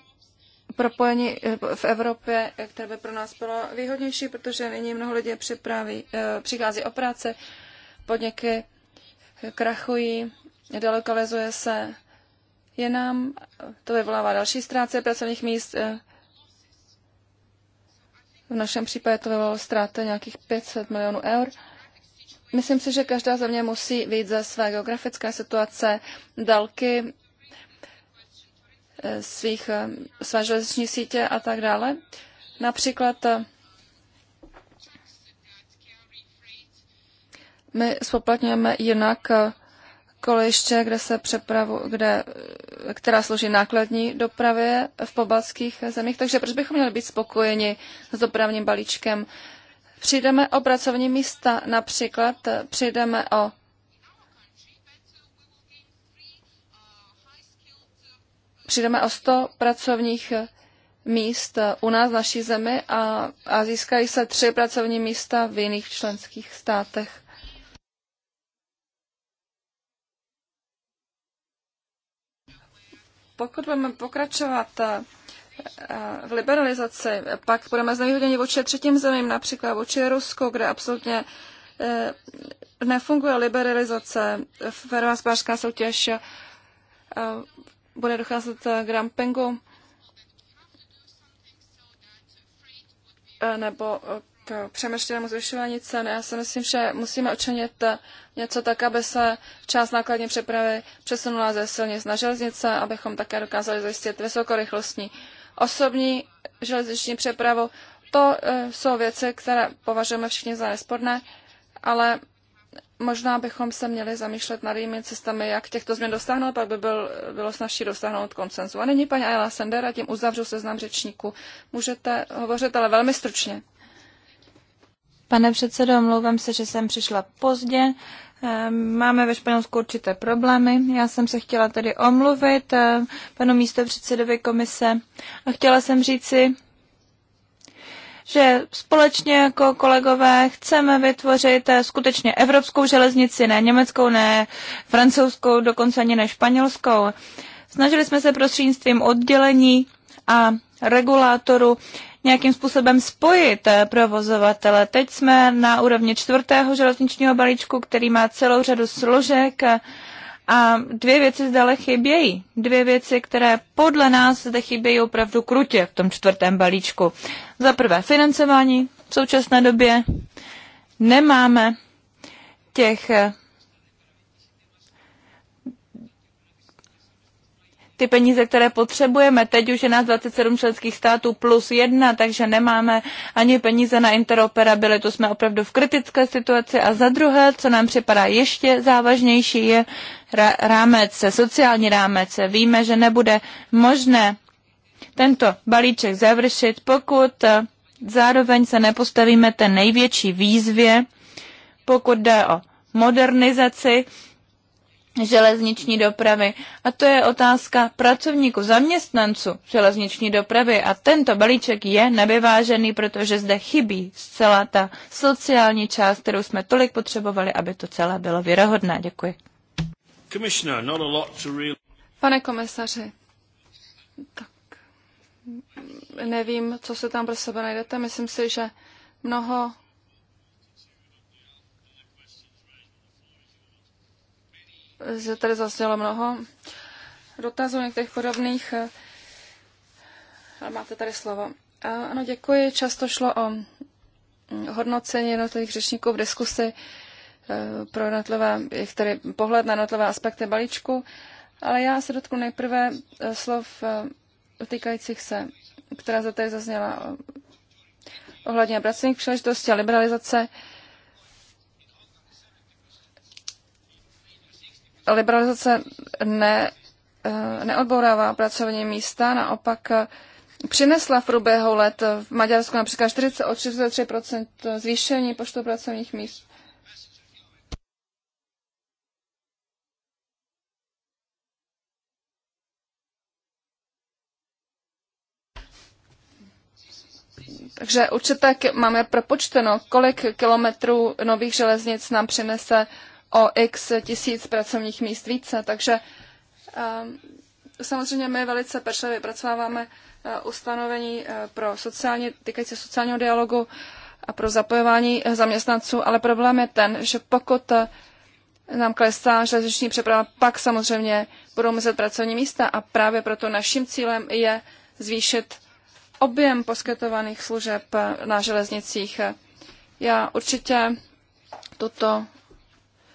propojení eh, v Evropě, které by pro nás bylo výhodnější, protože nyní mnoho lidí připraví, eh, přichází o práce, podniky krachují, delokalizuje se je nám, to vyvolává další ztráty pracovních míst. Eh, v našem případě to vyvolalo ztráty nějakých 500 milionů eur. Myslím si, že každá země musí víc ze své geografické situace, délky svých, své železniční sítě a tak dále. Například eh, my spoplatňujeme jinak eh, kolejiště, kde se přepravu, kde, eh, která slouží nákladní dopravě v pobalských zemích. Takže proč bychom měli být spokojeni s dopravním balíčkem? Přijdeme o pracovní místa, například přijdeme o přijdeme o 100 pracovních eh, míst eh, u nás v naší zemi a, a získají se tři pracovní místa v jiných členských státech. Pokud budeme pokračovat eh, v liberalizaci, pak budeme znevýhodněni vůči třetím zemím, například vůči Rusku, kde absolutně nefunguje liberalizace, ferová spářská soutěž bude docházet eh, k dumpingu eh, nebo eh, k přemrštěnému zvyšování cen. Já si myslím, že musíme učinit něco tak, aby se část nákladní přepravy přesunula ze silnic na železnice, abychom také dokázali zajistit vysokorychlostní osobní železniční přepravu. To jsou věci, které považujeme všichni za nesporné, ale Možná bychom se měli zamýšlet nad jinými cestami, jak těchto změn dosáhnout, pak by byl, bylo snažší dosáhnout konsenzu. A nyní paní Ayla Sender a tím uzavřu seznam řečníků. Můžete hovořit, ale velmi stručně. Pane předsedo, omlouvám se, že jsem přišla pozdě. Ehm, máme ve Španělsku určité problémy. Já jsem se chtěla tedy omluvit ehm, panu předsedovi komise a chtěla jsem říci, že společně jako kolegové chceme vytvořit eh, skutečně evropskou železnici, ne německou, ne francouzskou, dokonce ani ne španělskou. Snažili jsme se prostřednictvím oddělení a regulátoru nějakým způsobem spojit eh, provozovatele. Teď jsme na úrovni čtvrtého železničního balíčku, který má celou řadu složek eh, a dvě věci zde ale chybějí. Dvě věci, které podle nás zde chybějí opravdu krutě v tom čtvrtém balíčku. Za prvé financování v současné době nemáme těch eh, ty peníze, které potřebujeme. Teď už je nás 27 členských států plus jedna, takže nemáme ani peníze na interoperabilitu. Jsme opravdu v kritické situaci. A za druhé, co nám připadá ještě závažnější, je, rámec, sociální rámec, víme, že nebude možné tento balíček završit, pokud eh, zároveň se nepostavíme té největší výzvě, pokud jde o modernizaci železniční dopravy. A to je otázka pracovníků, zaměstnanců železniční dopravy. A tento balíček je nevyvážený, protože zde chybí zcela ta sociální část, kterou jsme tolik potřebovali, aby to celé bylo věrohodné. Děkuji. Pane komisaři, tak nevím, co se tam pro sebe najdete. Myslím si, že mnoho že tady zaznělo mnoho dotazů, některých podobných, ale máte tady slovo. Ano, děkuji. Často šlo o hodnocení jednotlivých řečníků v diskusi. Eh, pro jednotlivé, jejich tedy pohled na jednotlivé aspekty balíčku, ale já se dotknu nejprve eh, slov eh, týkajících se, která za tady zazněla ohledně pracovních příležitostí a liberalizace. Liberalizace ne, neodbourává pracovní místa, naopak přinesla v průběhu let v Maďarsku například 40 43 zvýšení počtu pracovních míst. Takže určitě máme propočteno, kolik kilometrů nových železnic nám přinese o x tisíc pracovních míst více. Takže ehm, samozřejmě my velice pečlivě vypracováváme eh, ustanovení eh, pro sociální, týkající sociálního dialogu a pro zapojování eh, zaměstnanců, ale problém je ten, že pokud nám klesá železniční přeprava, pak samozřejmě budou mizet pracovní místa a právě proto naším cílem je zvýšit objem poskytovaných služeb na železnicích. Já určitě tuto,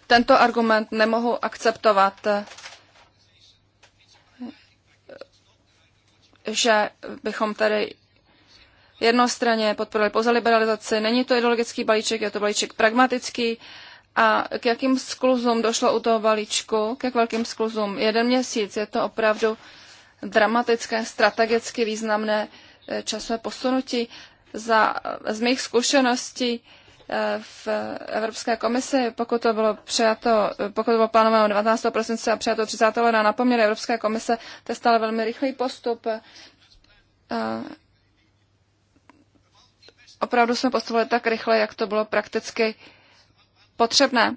tento argument nemohu akceptovat, že bychom tady jednostranně podporovali pouze liberalizaci. Není to ideologický balíček, je to balíček pragmatický. A k jakým skluzům došlo u toho balíčku? K jak velkým skluzům? Jeden měsíc je to opravdu dramatické, strategicky významné. Uh, časové posunutí. Za, z mých zkušeností eh, v Evropské komisi, pokud to bylo přijato, pokud to bylo plánováno 19. prosince a přijato 30. ledna na poměr Evropské komise, to je stále velmi rychlý postup. Eh, opravdu jsme postupovali tak rychle, jak to bylo prakticky potřebné.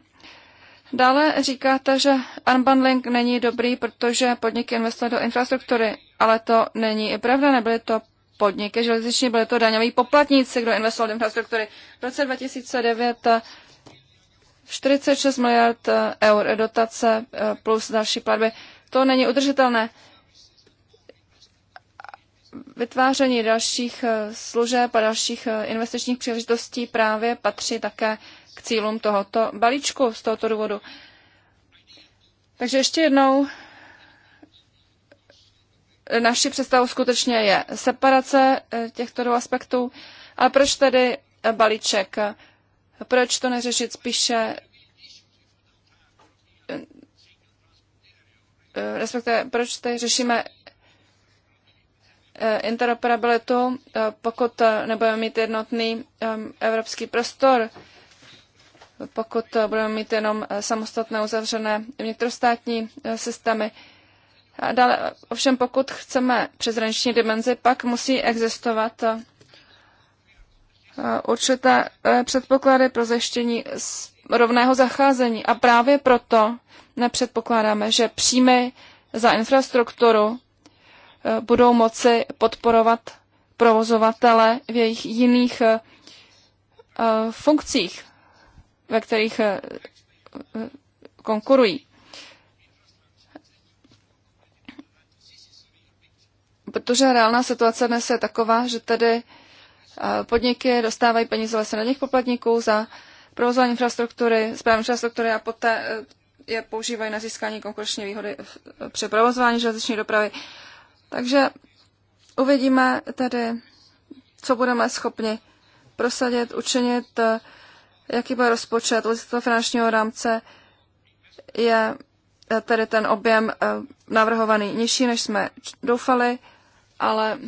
Dále říkáte, že unbundling není dobrý, protože podniky investují do infrastruktury, ale to není i pravda, nebyly to podniky železniční, byly to daňoví poplatníci, kdo investoval do infrastruktury. V roce 2009 46 eh, miliard eh, eur dotace eh, plus další platby. To není udržitelné. Vytváření dalších služeb a dalších investičních příležitostí právě patří také k cílům tohoto balíčku z tohoto důvodu. Takže ještě jednou naší představou skutečně je separace eh, těchto dvou aspektů. A proč tedy eh, balíček? Proč to neřešit spíše eh, respektive proč tady řešíme interoperabilitu, pokud nebudeme mít jednotný evropský prostor, pokud budeme mít jenom samostatné uzavřené vnitrostátní systémy dále, ovšem pokud chceme přezraniční dimenzi, pak musí existovat eh, určité eh, předpoklady pro zajištění rovného zacházení. A právě proto nepředpokládáme, že příjmy za infrastrukturu eh, budou moci podporovat provozovatele v jejich jiných funkcích, ve kterých konkurují. protože reálná situace dnes je taková, že tedy eh, podniky dostávají peníze lesy na nich poplatníků za provozování infrastruktury, správní infrastruktury a poté eh, je používají na získání konkurenční výhody při provozování železniční dopravy. Takže uvidíme tedy, co budeme schopni prosadit, učinit, eh, jaký bude rozpočet toho finančního rámce je tedy ten objem navrhovaný nižší, než jsme doufali ale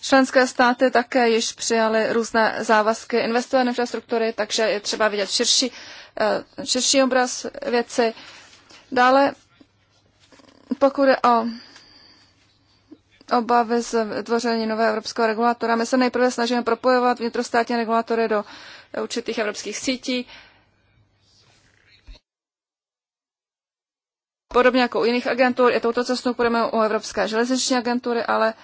Členské státy také již přijaly různé závazky investované infrastruktury, takže je třeba vidět širší, eh, širší obraz věci. Dále, pokud je o obavy z vytvoření nového evropského regulátora, my se nejprve snažíme propojovat vnitrostátní regulátory do určitých evropských sítí. Podobně jako u jiných agentur, je touto cestou půjdeme u Evropské železniční agentury, ale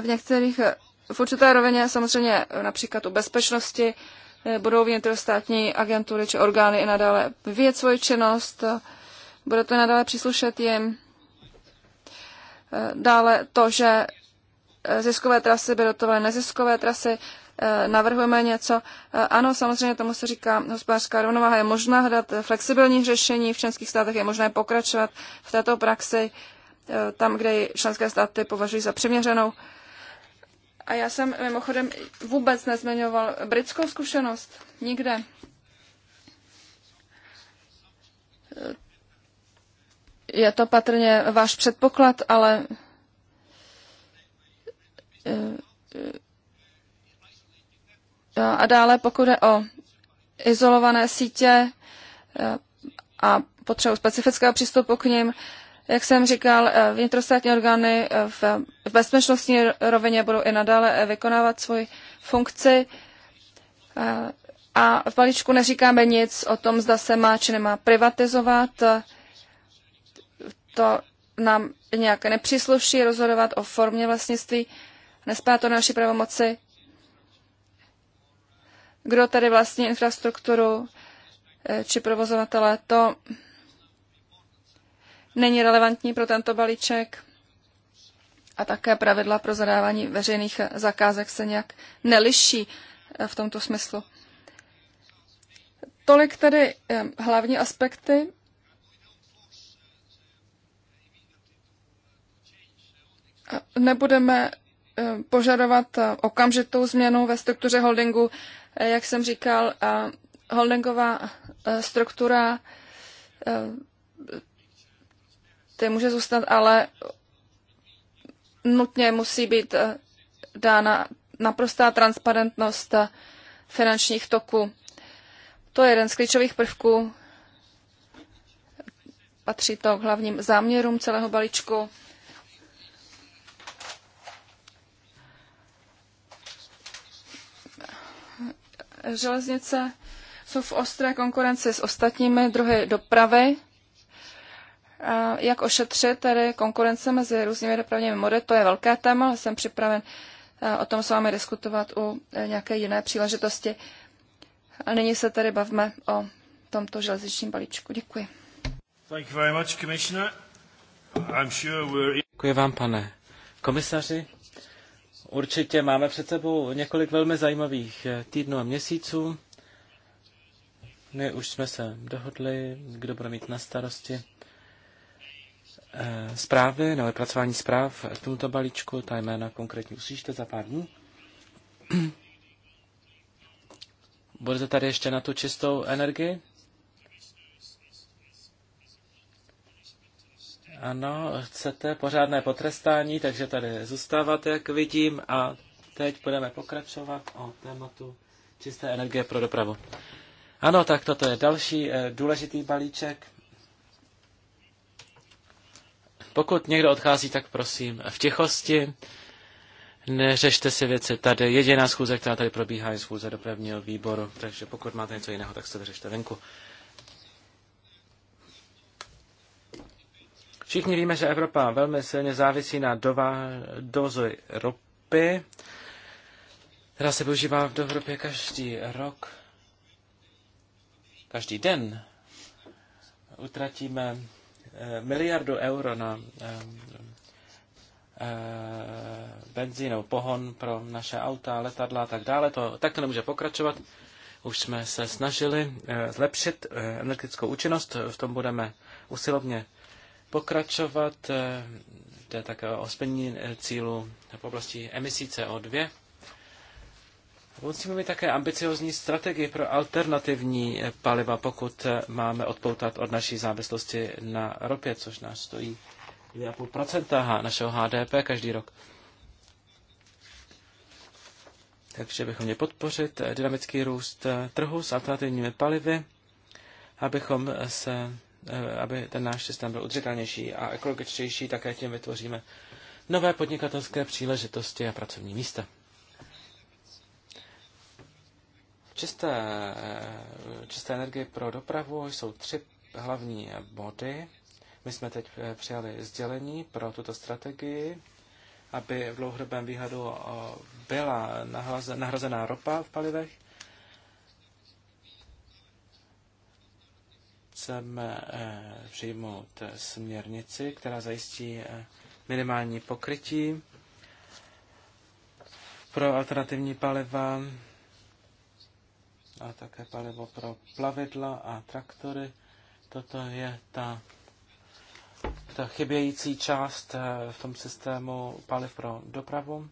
v některých, v určité rovině samozřejmě například u bezpečnosti eh, budou vnitrostátní agentury či orgány i nadále vyvíjet svoji činnost, bude to nadále příslušet jim. Eh, dále to, že eh, ziskové trasy by dotovaly neziskové trasy, Eh, navrhujeme něco. Eh, ano, samozřejmě tomu se říká hospodářská rovnováha. Je možná hledat flexibilní řešení v členských státech, je možné pokračovat v této praxi eh, tam, kde ji členské státy považují za přiměřenou. A já jsem mimochodem vůbec nezmiňoval britskou zkušenost. Nikde. Je to patrně váš předpoklad, ale a dále, pokud je o izolované sítě e, a potřebu specifického přístupu k ním, jak jsem říkal, e, vnitrostátní orgány e, v, bezpečnostní rovině budou i nadále vykonávat svoji funkci. A v balíčku neříkáme nic o tom, zda se má či nemá privatizovat. To nám nějak nepřísluší rozhodovat o formě vlastnictví. Nespá to na naší pravomoci kdo tady vlastní infrastrukturu eh, či provozovatele, to není relevantní pro tento balíček a také pravidla pro zadávání veřejných zakázek se nějak neliší eh, v tomto smyslu. Tolik tedy eh, hlavní aspekty. Nebudeme požadovat okamžitou změnu ve struktuře holdingu, Eh, jak jsem říkal, holdingová eh, struktura eh, ty může zůstat, ale nutně musí být dána naprostá transparentnost finančních toků. To je jeden z klíčových prvků. Patří to k hlavním záměrům celého balíčku. železnice jsou v ostré konkurenci s ostatními druhy dopravy. A jak ošetřit tedy konkurence mezi různými dopravními mody, to je velké téma, ale jsem připraven e, o tom s vámi diskutovat u e, nějaké jiné příležitosti. A nyní se tedy bavme o tomto železničním balíčku. Děkuji. Děkuji vám, pane komisaři. Určitě máme před sebou několik velmi zajímavých eh, týdnů a měsíců. My už jsme se dohodli, kdo bude mít na starosti eh, zprávy, nebo vypracování zpráv k tomuto balíčku, ta jména konkrétně uslyšíte za pár dní. Budete tady ještě na tu čistou energii? Ano, chcete pořádné potrestání, takže tady zůstáváte, jak vidím, a teď budeme pokračovat o tématu čisté energie pro dopravu. Ano, tak toto je další eh, důležitý balíček. Pokud někdo odchází, tak prosím v tichosti. Neřešte si věci tady. Jediná schůze, která tady probíhá, je schůze dopravního výboru. Takže pokud máte něco jiného, tak se to řešte venku. Všichni víme, že Evropa velmi silně závisí na dovozu ropy, která se používá v Evropě každý rok. Každý den utratíme eh, miliardu euro na eh, eh, benzínou pohon pro naše auta, letadla a tak dále. To, tak to nemůže pokračovat. Už jsme se snažili zlepšit energetickou účinnost, v tom budeme usilovně pokračovat. Eh, je také o splnění eh, cílu v oblasti emisí CO2. Musíme mít také ambiciozní strategii pro alternativní eh, paliva, pokud máme odpoutat od naší závislosti na ropě, což nás stojí 2,5 našeho HDP každý rok. Takže bychom měli podpořit dynamický růst trhu s alternativními palivy, abychom se Eh, aby ten náš systém byl udržitelnější a ekologičtější, také tím vytvoříme nové podnikatelské příležitosti a pracovní místa. Čisté, eh, čisté energie pro dopravu jsou tři hlavní body. My jsme teď eh, přijali sdělení pro tuto strategii, aby v dlouhodobém výhledu byla nahrazená ropa v palivech. chceme eh, přijmout eh, směrnici, která zajistí eh, minimální pokrytí pro alternativní paliva a také palivo pro plavidla a traktory. Toto je ta, ta chybějící část v tom systému paliv pro dopravu.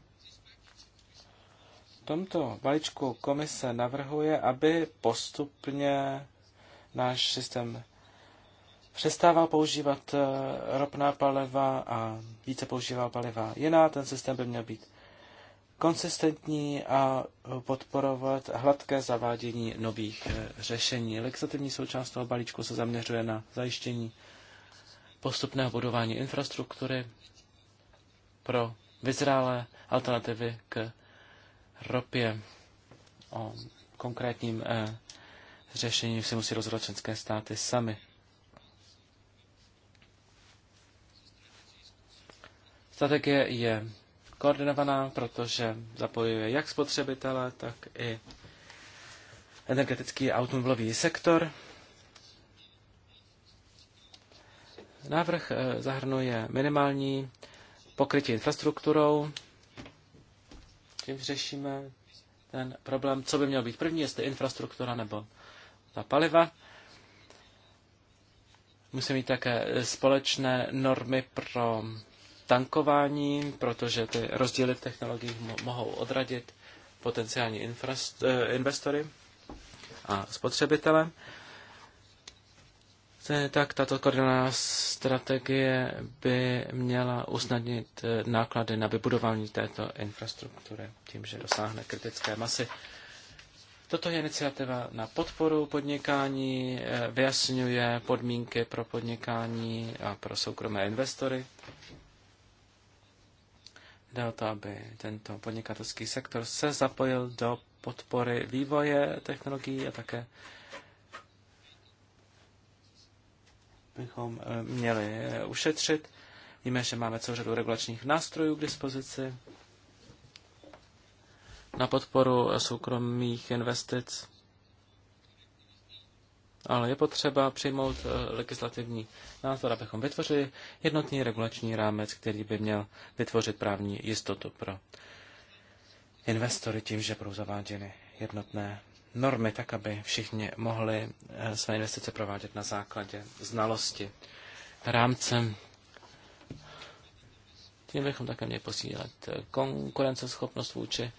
V tomto balíčku komise navrhuje, aby postupně náš systém přestával používat eh, ropná paliva a více používal paliva jiná. Ten systém by měl být konsistentní a podporovat hladké zavádění nových eh, řešení. Legislativní součást toho balíčku se zaměřuje na zajištění postupného budování infrastruktury pro vyzrálé alternativy k ropě o konkrétním eh, řešení si musí rozhodovat členské státy sami. Strategie je koordinovaná, protože zapojuje jak spotřebitele, tak i energetický automobilový sektor. Návrh eh, zahrnuje minimální pokrytí infrastrukturou. Tím řešíme ten problém, co by mělo být první, jestli infrastruktura nebo ta paliva. Musíme mít také společné normy pro tankování, protože ty rozdíly v technologiích mohou odradit potenciální eh, investory a spotřebitele. Tak tato koordinovaná strategie by měla usnadnit eh, náklady na vybudování této infrastruktury tím, že dosáhne kritické masy. Toto je iniciativa na podporu podnikání, eh, vyjasňuje podmínky pro podnikání a pro soukromé investory. Jde o to, aby tento podnikatelský sektor se zapojil do podpory vývoje technologií a také bychom eh, měli eh, ušetřit. Víme, že máme celou řadu regulačních nástrojů k dispozici na podporu soukromých investic. Ale je potřeba přijmout eh, legislativní názor, abychom vytvořili jednotný regulační rámec, který by měl vytvořit právní jistotu pro investory tím, že budou zaváděny jednotné normy, tak aby všichni mohli eh, své investice provádět na základě znalosti rámcem. Tím bychom také měli posílat eh, konkurenceschopnost vůči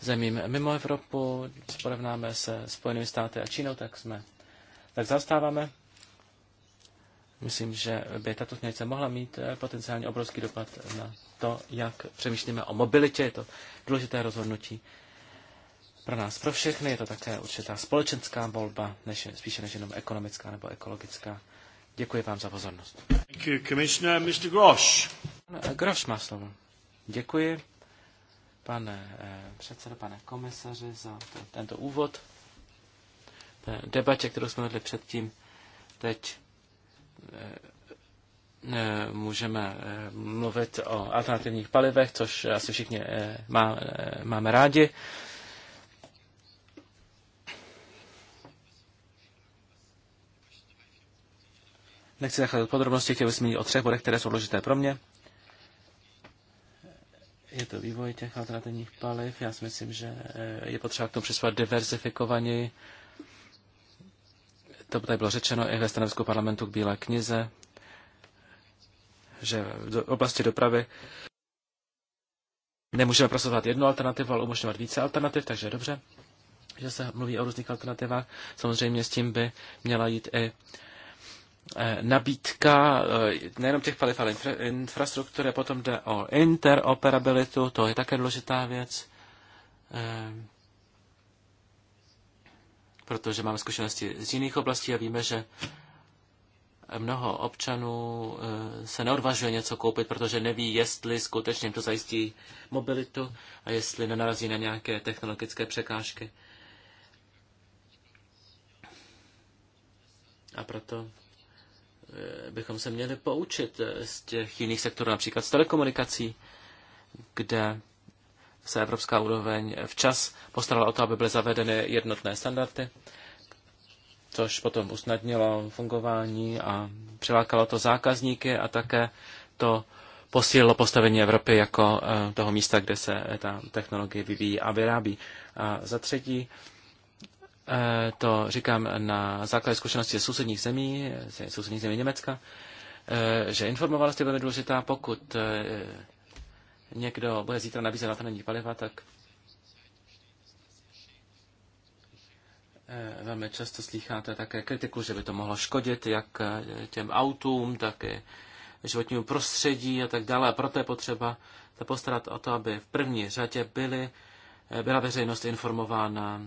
zemím mimo Evropu, porovnáme se Spojenými státy a Čínou, tak jsme tak zastáváme. Myslím, že by tato směrnice mohla mít eh, potenciálně obrovský dopad na to, jak přemýšlíme o mobilitě. Je to důležité rozhodnutí pro nás, pro všechny. Je to také určitá společenská volba, než, spíše než jenom ekonomická nebo ekologická. Děkuji vám za pozornost. Děkuji, Grosch. Eh, Grosch má slovo. Děkuji pane eh, předsedo, pane komisaři, za tento úvod. Té debatě, kterou jsme vedli předtím, teď eh, eh, můžeme mluvit o alternativních palivech, což asi všichni má, máme rádi. Nechci zacházet podrobnosti, chtěl bych zmínit o třech bodech, které jsou důležité pro mě je to vývoj těch alternativních paliv. Já si myslím, že eh, je potřeba k tomu přistupovat diverzifikovaně. To tady bylo řečeno i ve stanovisku parlamentu k Bílé knize, že v oblasti dopravy nemůžeme prosazovat jednu alternativu, ale umožňovat více alternativ, takže dobře, že se mluví o různých alternativách. Samozřejmě s tím by měla jít i Eh, nabídka eh, nejenom těch paliv, ale infra, infrastruktury, potom jde o interoperabilitu, to je také důležitá věc, eh, protože máme zkušenosti z jiných oblastí a víme, že mnoho občanů se neodvažuje něco koupit, protože neví, jestli skutečně jim to zajistí mobilitu a jestli nenarazí na nějaké technologické překážky. A proto Eh, bychom se měli poučit eh, z těch jiných sektorů, například z telekomunikací, kde se evropská úroveň včas postarala o to, aby byly zavedeny jednotné standardy, což potom usnadnilo fungování a přilákalo to zákazníky a také to posílilo postavení Evropy jako eh, toho místa, kde se ta technologie vyvíjí a vyrábí. A za třetí, Eh, to říkám na základě zkušenosti z sousedních zemí, z sousedních zemí Německa, eh, že informovanost je velmi důležitá. Pokud eh, někdo bude zítra nabízet alternativní paliva, tak velmi často slycháte také kritiku, že by to mohlo škodit jak těm autům, tak i životnímu prostředí a tak dále. A proto je potřeba se postarat o to, aby v první řadě byly, byla veřejnost informována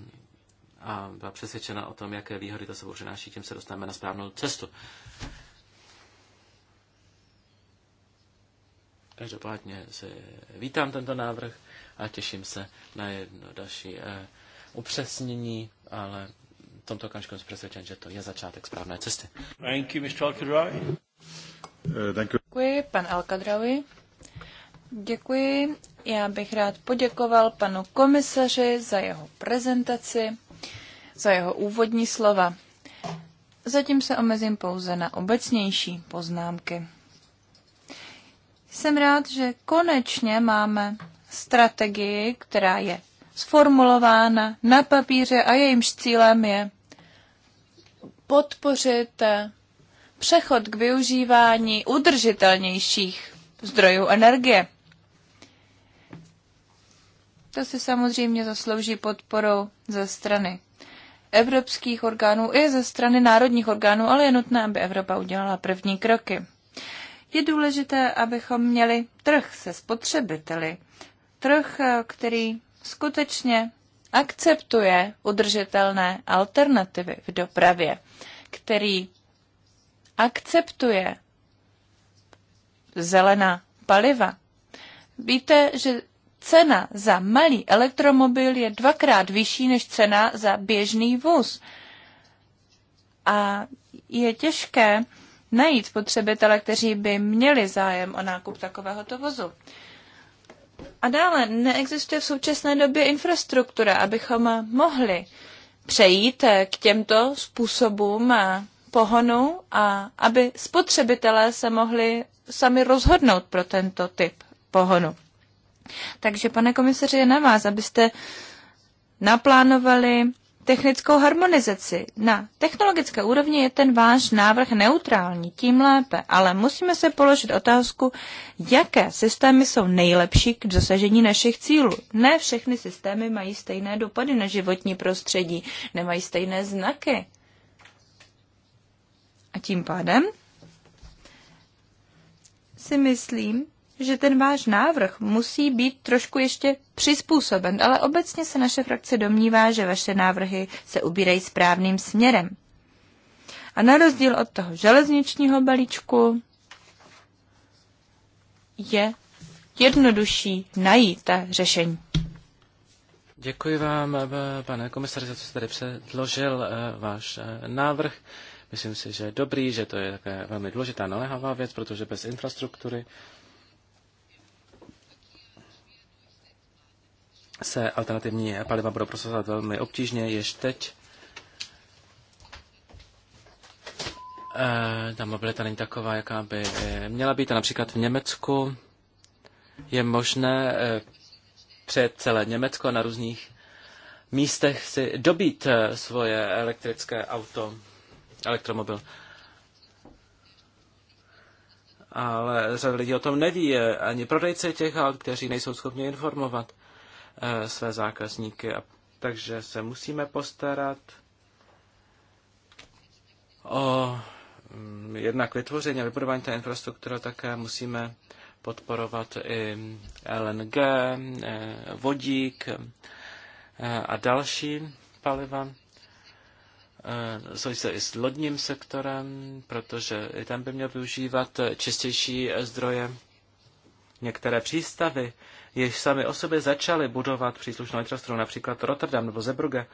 a byla přesvědčena o tom, jaké výhody to sebou přináší, tím se dostaneme na správnou cestu. Každopádně se vítám tento návrh a těším se na jedno další uh, upřesnění, ale v tomto okamžiku jsem přesvědčen, že to je začátek správné cesty. Thank you, Mr. Eh, you. Děkuji, pan Alkadrawi. Děkuji. Já bych rád poděkoval panu komisaři za jeho prezentaci za jeho úvodní slova. Zatím se omezím pouze na obecnější poznámky. Jsem rád, že konečně máme strategii, která je sformulována na papíře a jejímž cílem je podpořit přechod k využívání udržitelnějších zdrojů energie. To si samozřejmě zaslouží podporu ze strany evropských orgánů i ze strany národních orgánů, ale je nutné, aby Evropa udělala první kroky. Je důležité, abychom měli trh se spotřebiteli. Trh, který skutečně akceptuje udržitelné alternativy v dopravě, který akceptuje zelená paliva. Víte, že cena za malý elektromobil je dvakrát vyšší než cena za běžný vůz. A je těžké najít spotřebitele, kteří by měli zájem o nákup takovéhoto vozu. A dále neexistuje v současné době infrastruktura, abychom mohli přejít k těmto způsobům pohonu a aby spotřebitelé se mohli sami rozhodnout pro tento typ pohonu. Takže, pane komisaři, je na vás, abyste naplánovali technickou harmonizaci. Na technologické úrovni je ten váš návrh neutrální, tím lépe, ale musíme se položit otázku, jaké systémy jsou nejlepší k dosažení našich cílů. Ne všechny systémy mají stejné dopady na životní prostředí, nemají stejné znaky. A tím pádem si myslím, že ten váš návrh musí být trošku ještě přizpůsoben, ale obecně se naše frakce domnívá, že vaše návrhy se ubírají správným směrem. A na rozdíl od toho železničního balíčku je jednodušší najít ta řešení. Děkuji vám, eh, pane komisaři, za to jste tady předložil eh, váš eh, návrh. Myslím si, že je dobrý, že to je také velmi důležitá naléhavá věc, protože bez infrastruktury se alternativní paliva budou prosazovat velmi obtížně, jež teď eh, ta mobilita není taková, jaká by eh, měla být. A například v Německu je možné eh, před celé Německo na různých místech si dobít svoje elektrické auto, elektromobil. Ale řada lidí o tom neví, ani prodejce těch aut, kteří nejsou schopni informovat. Eh, své zákazníky. takže se musíme postarat o mm, jednak vytvoření a vybudování té infrastruktury, také musíme podporovat i LNG, eh, vodík eh, a další paliva. Souvisí se i s lodním sektorem, protože i tam by měl využívat čistější zdroje Některé přístavy, jež sami o sobě začaly budovat příslušnou infrastrukturu, například Rotterdam nebo Zebrugge.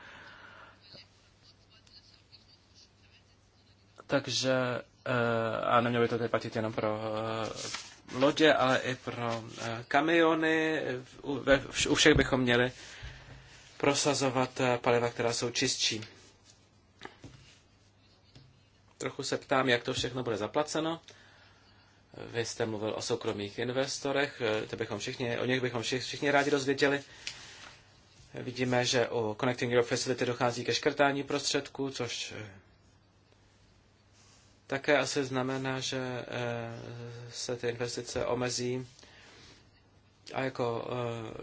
Takže, eh, a nemělo by to tedy platit jenom pro eh, lodě, ale i pro eh, kamiony. U všech bychom měli prosazovat paliva, která jsou čistší. Trochu se ptám, jak to všechno bude zaplaceno. Vy jste mluvil o soukromých investorech, eh, to bychom všichni, o nich bychom všichni rádi dozvěděli. Vidíme, že u Connecting Europe Facility dochází ke škrtání prostředků, což eh, také asi znamená, že eh, se ty investice omezí. A jako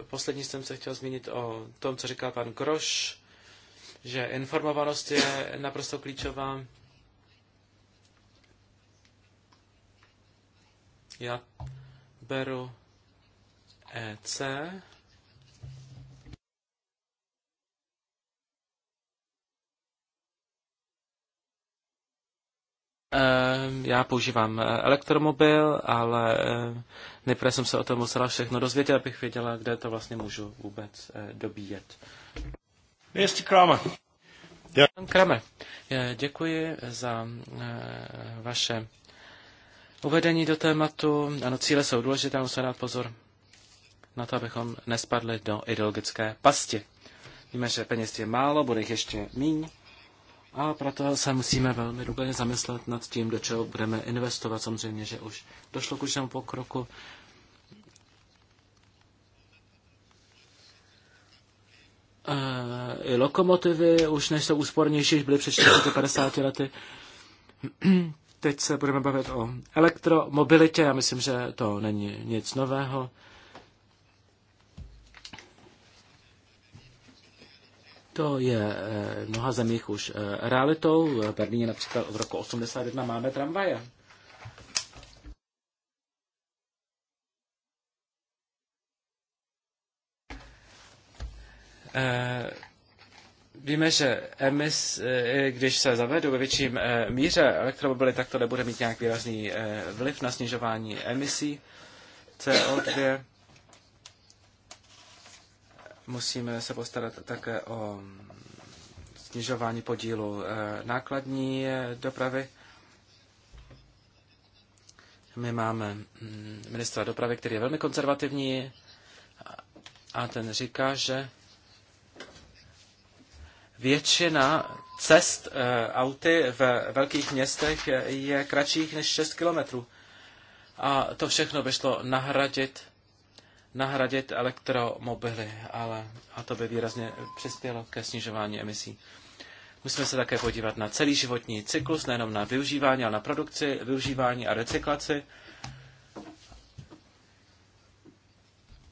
poslední jsem se chtěl zmínit o tom, co říkal pan Groš, že informovanost je naprosto klíčová. Já beru EC. Ehm, já používám eh, elektromobil, ale eh, nejprve jsem se o tom musela všechno dozvědět, abych věděla, kde to vlastně můžu vůbec eh, dobíjet. Městí Kramer. Kramer, děkuji za vaše uvedení do tématu. Ano, cíle jsou důležité, musíme dát pozor na to, abychom nespadli do ideologické pasti. Víme, že peněz je málo, bude jich ještě míň. A proto se musíme velmi důkladně zamyslet nad tím, do čeho budeme investovat. Samozřejmě, že už došlo k určitému pokroku. E, I lokomotivy, už než jsou úspornější, byly před 40-50 lety. Teď se budeme bavit o elektromobilitě. Já myslím, že to není nic nového. To je v eh, mnoha zemích už eh, realitou. V Berlíně například od roku 81 máme tramvaje. Eh, Víme, že emis, eh, když se zavedou ve větším eh, míře elektromobily, tak to nebude mít nějak výrazný eh, vliv na snižování emisí CO2. Musíme se postarat také o snižování podílu nákladní dopravy. My máme mm, ministra dopravy, který je velmi konzervativní a ten říká, že většina cest eh, auty v velkých městech je kratších než 6 kilometrů. A to všechno by šlo nahradit, nahradit elektromobily, ale a to by výrazně přispělo ke snižování emisí. Musíme se také podívat na celý životní cyklus, nejenom na využívání, ale na produkci, využívání a recyklaci.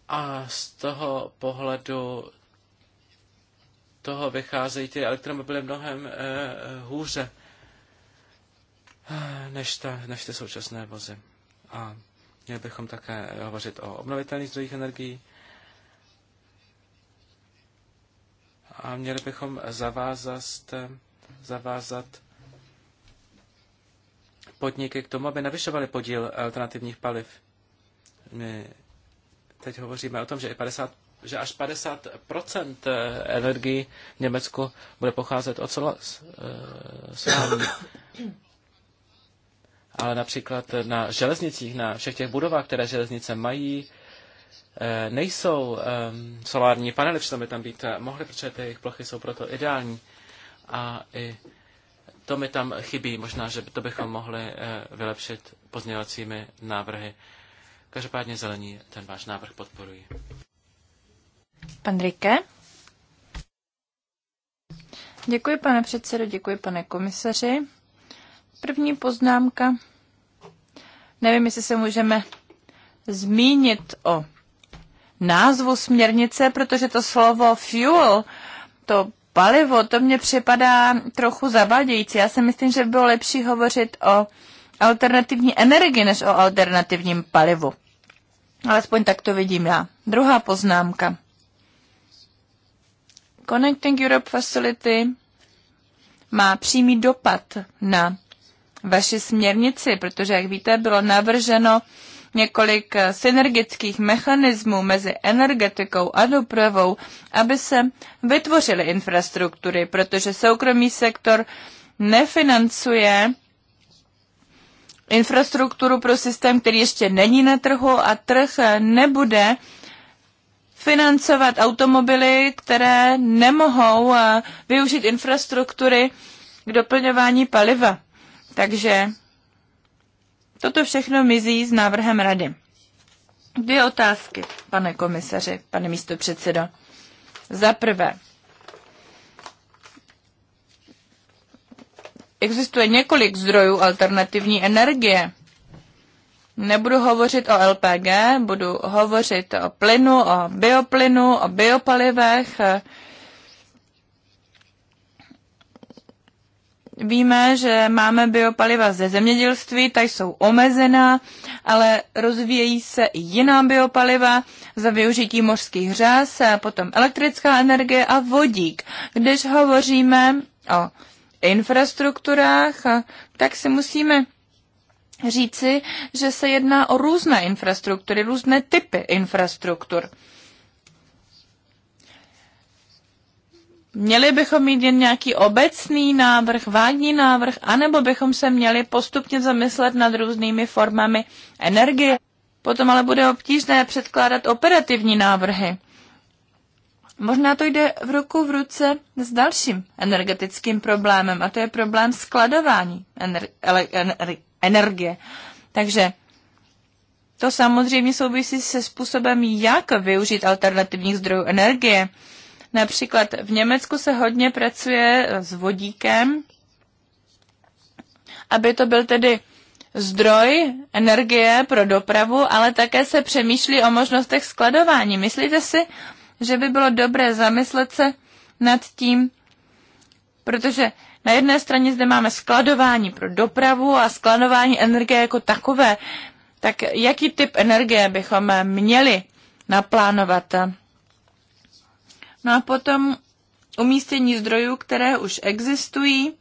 A z toho pohledu toho vycházejí ty elektromobily mnohem e, hůře eh, než, ta, než ty současné vozy. A měli bychom také hovořit o obnovitelných zdrojích energií a měli bychom zavázat, zavázat podniky k tomu, aby navyšovali podíl alternativních paliv. My teď hovoříme o tom, že i 50 že až 50 eh, energii v Německu bude pocházet od eh, solární. Ale například na železnicích, na všech těch budovách, které železnice mají, eh, nejsou ehm, solární panely, přitom by tam být mohly, protože ty jejich plochy jsou proto ideální. A i to mi tam chybí, možná, že to bychom mohli vylepšit pozměňovacími návrhy. Každopádně zelení ten váš návrh podporuji. Pan Rike. Děkuji, pane předsedo, děkuji, pane komisaři. První poznámka. Nevím, jestli se můžeme zmínit o názvu směrnice, protože to slovo fuel, to palivo, to mně připadá trochu zavadějící. Já si myslím, že by bylo lepší hovořit o alternativní energii než o alternativním palivu. Alespoň tak to vidím já. Druhá poznámka. Connecting Europe Facility má přímý dopad na vaši směrnici, protože, jak víte, bylo navrženo několik eh, synergických mechanismů mezi energetikou a dopravou, aby se vytvořily infrastruktury, protože soukromý sektor nefinancuje infrastrukturu pro systém, který ještě není na trhu a trh eh, nebude financovat automobily, které nemohou eh, využít infrastruktury k doplňování paliva. Takže toto všechno mizí s návrhem rady. Dvě otázky, pane komisaři, pane místopředsedo. Za prvé, existuje několik zdrojů alternativní energie. Nebudu hovořit o LPG, budu hovořit o plynu, o bioplynu, o biopalivech. Víme, že máme biopaliva ze zemědělství, ta jsou omezená, ale rozvíjejí se i jiná biopaliva za využití mořských řas, potom elektrická energie a vodík. Když hovoříme o infrastrukturách, tak si musíme říci, že se jedná o různé infrastruktury, různé typy infrastruktur. Měli bychom mít jen nějaký obecný návrh, vádní návrh, anebo bychom se měli postupně zamyslet nad různými formami energie. Potom ale bude obtížné předkládat operativní návrhy. Možná to jde v ruku v ruce s dalším energetickým problémem, a to je problém skladování energie. ener- energie. Takže to samozřejmě souvisí se způsobem, jak využít alternativních zdrojů energie. Například v Německu se hodně pracuje s vodíkem, aby to byl tedy zdroj energie pro dopravu, ale také se přemýšlí o možnostech skladování. Myslíte si, že by bylo dobré zamyslet se nad tím, protože na jedné straně zde máme skladování pro dopravu a skladování energie jako takové. Tak jaký typ energie bychom měli naplánovat? No a potom umístění zdrojů, které už existují.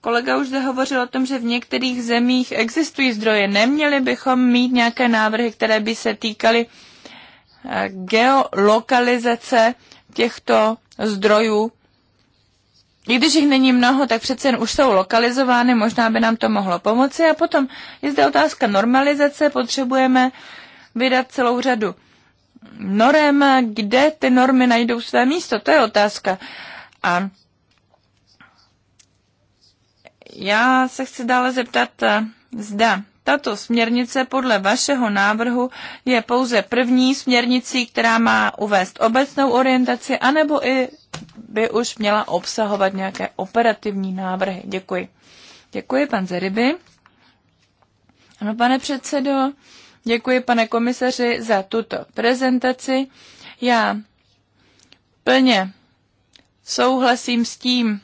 Kolega už zde hovořil o tom, že v některých zemích existují zdroje. Neměli bychom mít nějaké návrhy, které by se týkaly eh, geolokalizace těchto zdrojů i když jich není mnoho, tak přece jen už jsou lokalizovány, možná by nám to mohlo pomoci. A potom je zde otázka normalizace, potřebujeme vydat celou řadu norem, kde ty normy najdou své místo, to je otázka. A já se chci dále zeptat, eh, zda tato směrnice podle vašeho návrhu je pouze první směrnicí, která má uvést obecnou orientaci, anebo i by už měla obsahovat nějaké operativní návrhy. Děkuji. Děkuji, pan Zeryby. Ano, pane předsedo, děkuji, pane komisaři, za tuto prezentaci. Já plně souhlasím s tím,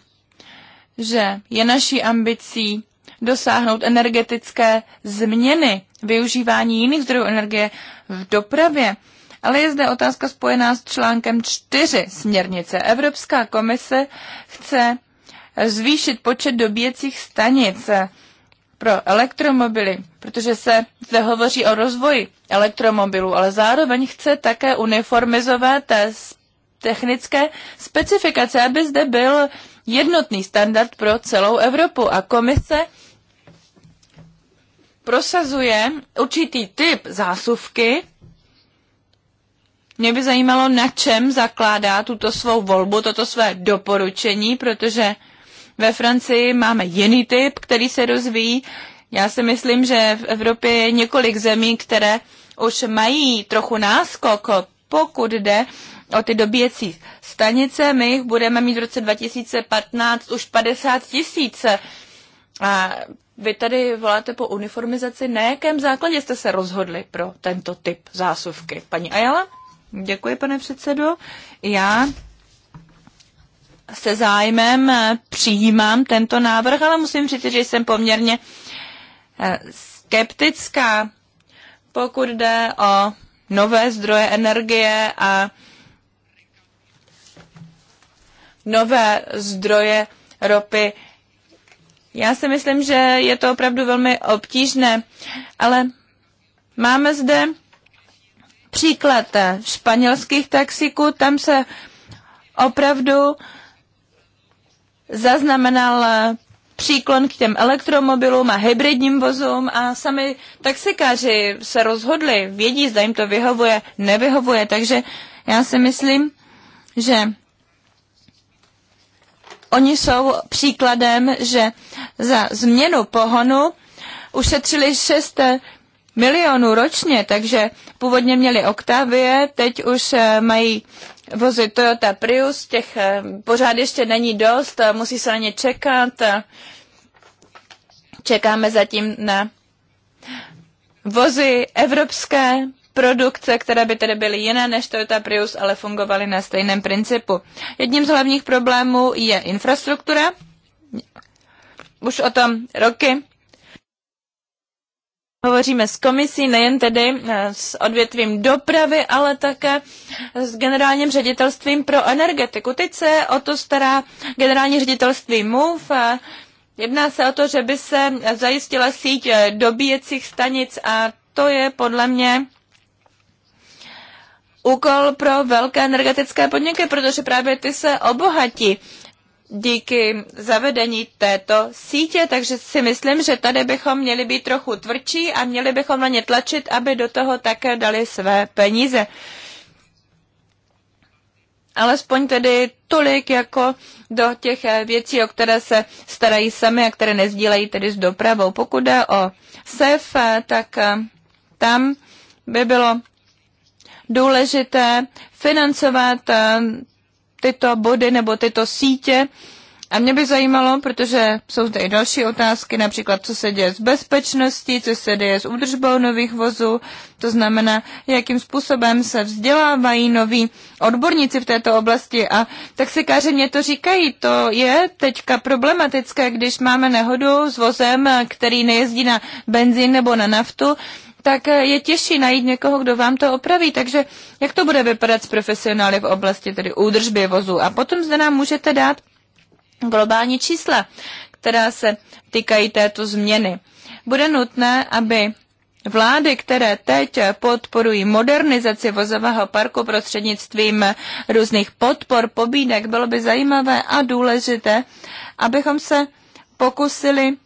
že je naší ambicí dosáhnout energetické změny, využívání jiných zdrojů energie v dopravě. Ale je zde otázka spojená s článkem 4 směrnice. Evropská komise chce zvýšit počet dobíjecích stanic pro elektromobily, protože se zde hovoří o rozvoji elektromobilů, ale zároveň chce také uniformizovat eh, technické specifikace, aby zde byl jednotný standard pro celou Evropu. A komise prosazuje určitý typ zásuvky. Mě by zajímalo, na čem zakládá tuto svou volbu, toto své doporučení, protože ve Francii máme jiný typ, který se rozvíjí. Já si myslím, že v Evropě je několik zemí, které už mají trochu náskok, pokud jde o ty dobíjecí stanice. My jich budeme mít v roce 2015 už 50 tisíc. A vy tady voláte po uniformizaci. Na jakém základě jste se rozhodli pro tento typ zásuvky? Paní Ajala? Děkuji, pane předsedo. Já se zájmem eh, přijímám tento návrh, ale musím říct, že jsem poměrně eh, skeptická, pokud jde o nové zdroje energie a nové zdroje ropy já si myslím, že je to opravdu velmi obtížné, ale máme zde příklad španělských taxiků, tam se opravdu zaznamenal příklon k těm elektromobilům a hybridním vozům a sami taxikáři se rozhodli, vědí, zda jim to vyhovuje, nevyhovuje, takže já si myslím, že oni jsou příkladem, že za změnu pohonu ušetřili 6 milionů ročně, takže původně měli Octavie, teď už eh, mají vozy Toyota Prius, těch eh, pořád ještě není dost, eh, musí se na ně čekat. Čekáme zatím na vozy evropské produkce, které by tedy byly jiné než Toyota Prius, ale fungovaly na stejném principu. Jedním z hlavních problémů je infrastruktura už o tom roky. Hovoříme s komisí, nejen tedy eh, s odvětvím dopravy, ale také s generálním ředitelstvím pro energetiku. Teď se o to stará generální ředitelství MOVE. Jedná se o to, že by se zajistila síť eh, dobíjecích stanic a to je podle mě úkol pro velké energetické podniky, protože právě ty se obohatí díky zavedení této sítě, takže si myslím, že tady bychom měli být trochu tvrdší a měli bychom na ně tlačit, aby do toho také dali své peníze. Alespoň tedy tolik jako do těch eh, věcí, o které se starají sami a které nezdílejí tedy s dopravou. Pokud jde o SEF, eh, tak eh, tam by bylo důležité financovat tyto body nebo tyto sítě. A mě by zajímalo, protože jsou zde i další otázky, například co se děje s bezpečností, co se děje s údržbou nových vozů, to znamená, jakým způsobem se vzdělávají noví odborníci v této oblasti. A taxikáři mě to říkají, to je teďka problematické, když máme nehodu s vozem, který nejezdí na benzín nebo na naftu, tak eh, je těžší najít někoho, kdo vám to opraví. Takže jak to bude vypadat s profesionály v oblasti tedy údržby vozu? A potom zde nám můžete dát globální čísla, která se týkají této změny. Bude nutné, aby Vlády, které teď podporují modernizaci vozového parku prostřednictvím různých podpor, pobídek, bylo by zajímavé a důležité, abychom se pokusili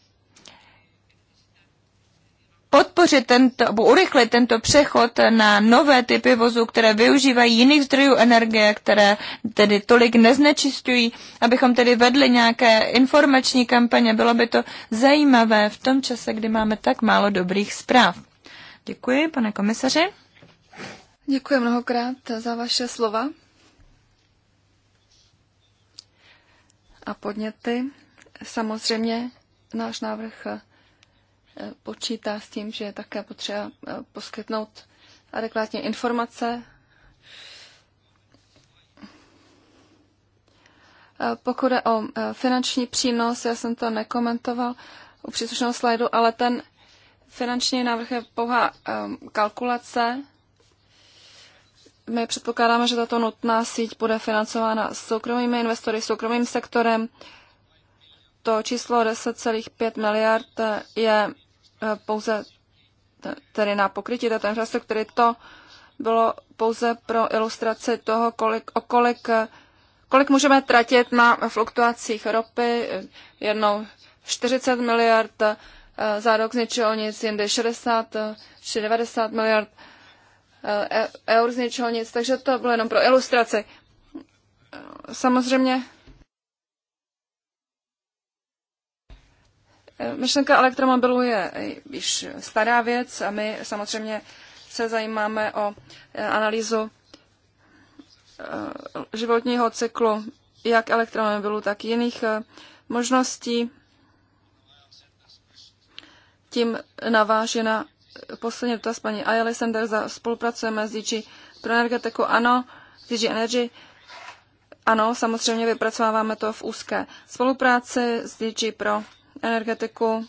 podpořit tento, nebo urychlit tento přechod na nové typy vozů, které využívají jiných zdrojů energie, které tedy tolik neznečistují, abychom tedy vedli nějaké informační kampaně. Bylo by to zajímavé v tom čase, kdy máme tak málo dobrých zpráv. Děkuji, pane komisaři. Děkuji mnohokrát za vaše slova a podněty. Samozřejmě náš návrh počítá s tím, že je také potřeba eh, poskytnout adekvátně informace. Eh, pokud je o eh, finanční přínos, já jsem to nekomentoval u příslušného slajdu, ale ten finanční návrh je pouhá ehm, kalkulace. My předpokládáme, že tato nutná síť bude financována soukromými investory, soukromým sektorem. To číslo 10,5 miliard je pouze tedy na pokrytí této infrastruktury, to bylo pouze pro ilustraci toho, kolik, o kolik, kolik můžeme tratit na fluktuacích ropy, jednou 40 miliard, eh, za rok z ničeho nic, jindy 60 eh, či 90 miliard eh, e, eur z ničeho nic, takže to bylo jenom pro ilustraci. Samozřejmě Eh, myšlenka elektromobilů je eh, již stará věc a my samozřejmě se zajímáme o eh, analýzu životního cyklu jak elektromobilů, tak jiných možností. Tím naváží na poslední dotaz paní Ayali Sender. Spolupracujeme s DG pro energetiku. Ano, s DG Energy. Ano, samozřejmě vypracováváme to v úzké spolupráci s DG pro energetiku.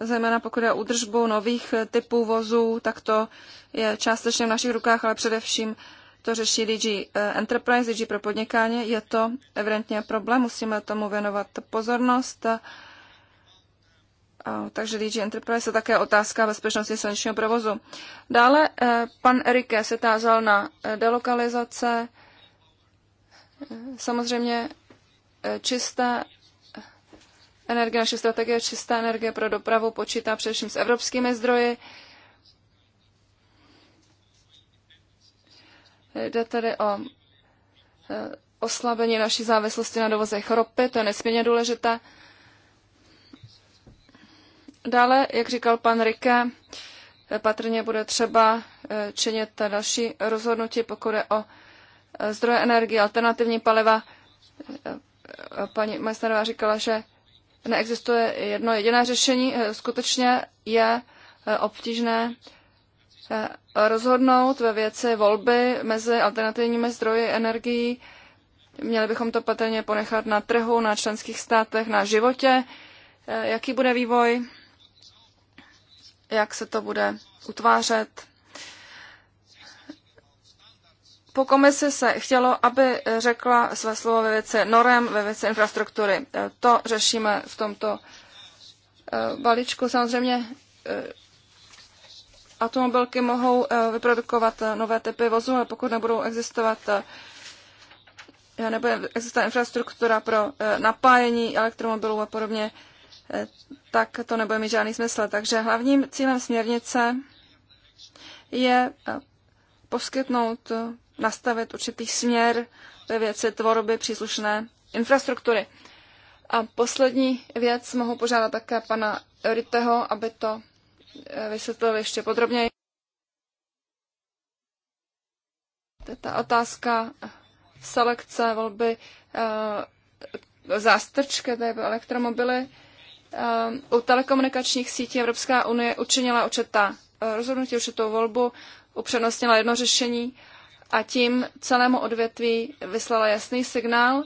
Zejména pokud je o údržbu nových typů vozů, tak to je částečně v našich rukách, ale především to řeší DG eh, Enterprise, DG pro podnikání. Je to evidentně problém, musíme tomu věnovat pozornost. Takže DG Enterprise je také otázka bezpečnosti silničního provozu. Dále eh, pan Erike se tázal na eh, delokalizace Samozřejmě eh, čistá energie, naše strategie čistá energie pro dopravu počítá především s evropskými zdroji. Jde tedy o eh, oslabení naší závislosti na dovozech ropy, to je nesmírně důležité. Dále, jak říkal pan Rike, eh, patrně bude třeba činit další rozhodnutí, pokud je o Eh, zdroje energie, alternativní paliva. Eh, paní Majstarová říkala, že neexistuje jedno jediné řešení. Eh, skutečně je obtížné rozhodnout ve věci volby mezi alternativními zdroji energií. Měli bychom to patrně ponechat na trhu, na členských státech, na životě, jaký bude vývoj, jak se to bude utvářet po komisi se chtělo, aby řekla své slovo ve věci norem, ve věci infrastruktury. E, to řešíme v tomto e, balíčku. Samozřejmě e, automobilky mohou vyprodukovat nové typy vozů, ale pokud nebudou existovat nebo existuje infrastruktura pro napájení elektromobilů a podobně, tak to nebude mít žádný smysl. Takže hlavním cílem směrnice je poskytnout nastavit určitý směr ve věci tvorby příslušné infrastruktury. A poslední věc mohu požádat také pana Riteho, aby to eh, vysvětlil ještě podrobněji. Ta otázka selekce volby eh, zástrčky, tedy elektromobily, eh, u telekomunikačních sítí Evropská unie učinila určitá rozhodnutí, určitou volbu, upřednostnila jedno řešení a tím celému odvětví vyslala jasný signál.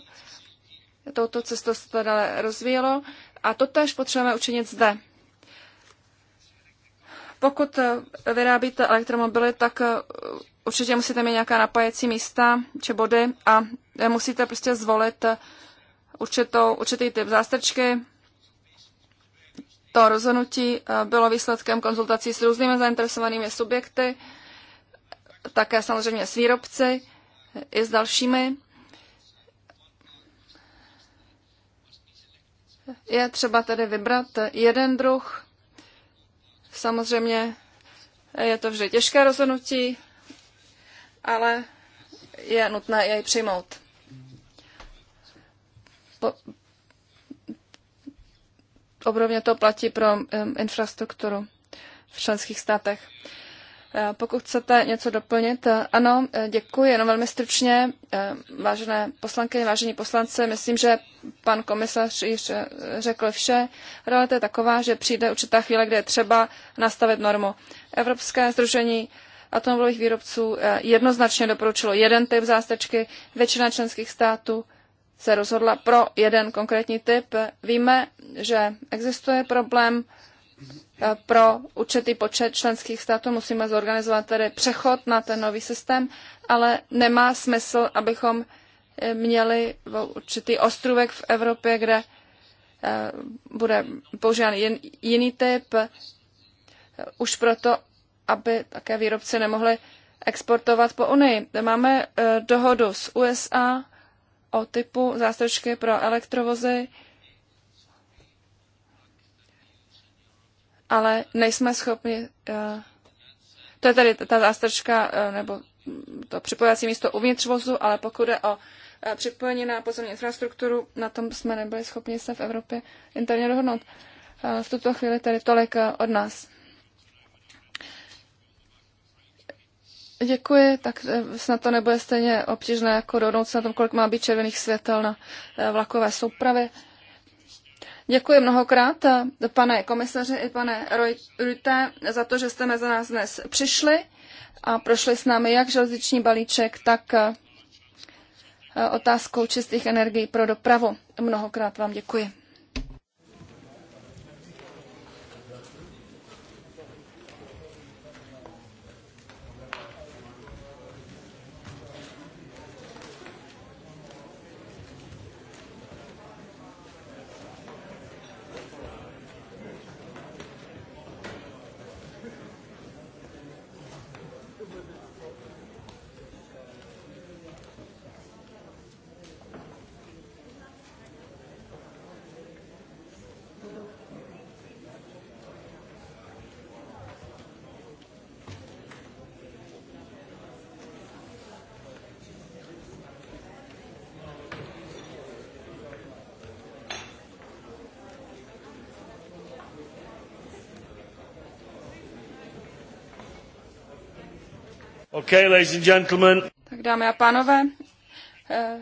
Touto cestou se to dále rozvíjelo a to tež potřebujeme učinit zde. Pokud vyrábíte elektromobily, tak eh, určitě musíte mít nějaká napájecí místa či body a eh, musíte prostě zvolit eh, určitou, určitý typ zástrčky. To rozhodnutí bylo výsledkem konzultací s různými zainteresovanými subjekty také samozřejmě s výrobci i s dalšími. Je třeba tedy vybrat jeden druh. Samozřejmě je to vždy těžké rozhodnutí, ale je nutné jej přijmout. Po, obrovně to platí pro um, infrastrukturu v členských státech. Pokud chcete něco doplnit, ano, děkuji, jenom velmi stručně. Vážené poslankyně, vážení poslanci, myslím, že pan komisař již řekl vše. Realita je taková, že přijde určitá chvíle, kde je třeba nastavit normu. Evropské združení atomových výrobců eh, jednoznačně doporučilo jeden typ zástečky, většina členských států se rozhodla pro jeden konkrétní typ. Víme, že existuje problém Eh, pro určitý počet členských států musíme zorganizovat tedy přechod na ten nový systém, ale nemá smysl, abychom eh, měli určitý ostrůvek v Evropě, kde eh, bude používán jin, jiný typ, už proto, aby také výrobci nemohli exportovat po Unii. Máme dohodu s USA o typu zástrčky pro elektrovozy, ale nejsme schopni, eh, to je tady ta zástrčka eh, nebo to připojovací místo uvnitř vozu, ale pokud je o eh, připojení na pozemní infrastrukturu, na tom jsme nebyli schopni se v Evropě interně dohodnout. V tuto chvíli tady tolik od nás. Děkuji, tak snad to nebude stejně obtížné jako dohodnout se na tom, kolik má být červených světel na vlakové soupravy. Děkuji mnohokrát, pane komisaři i pane Rujte, za to, že jste mezi nás dnes přišli a prošli s námi jak železniční balíček, tak eh, otázkou čistých energií pro dopravu. Mnohokrát vám děkuji. Okay, ladies and gentlemen. Tak dámy a pánové, eh,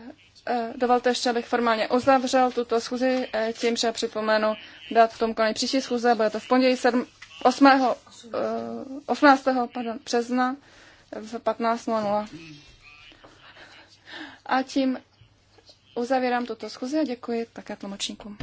eh, dovolte ještě, abych formálně uzavřel tuto schůzi eh, tím, že připomenu dát v tom konec příští schůze, bude to v pondělí 7, 8, 18. Pardon, března v 15.00. A tím uzavírám tuto schůzi a děkuji také tlumočníkům.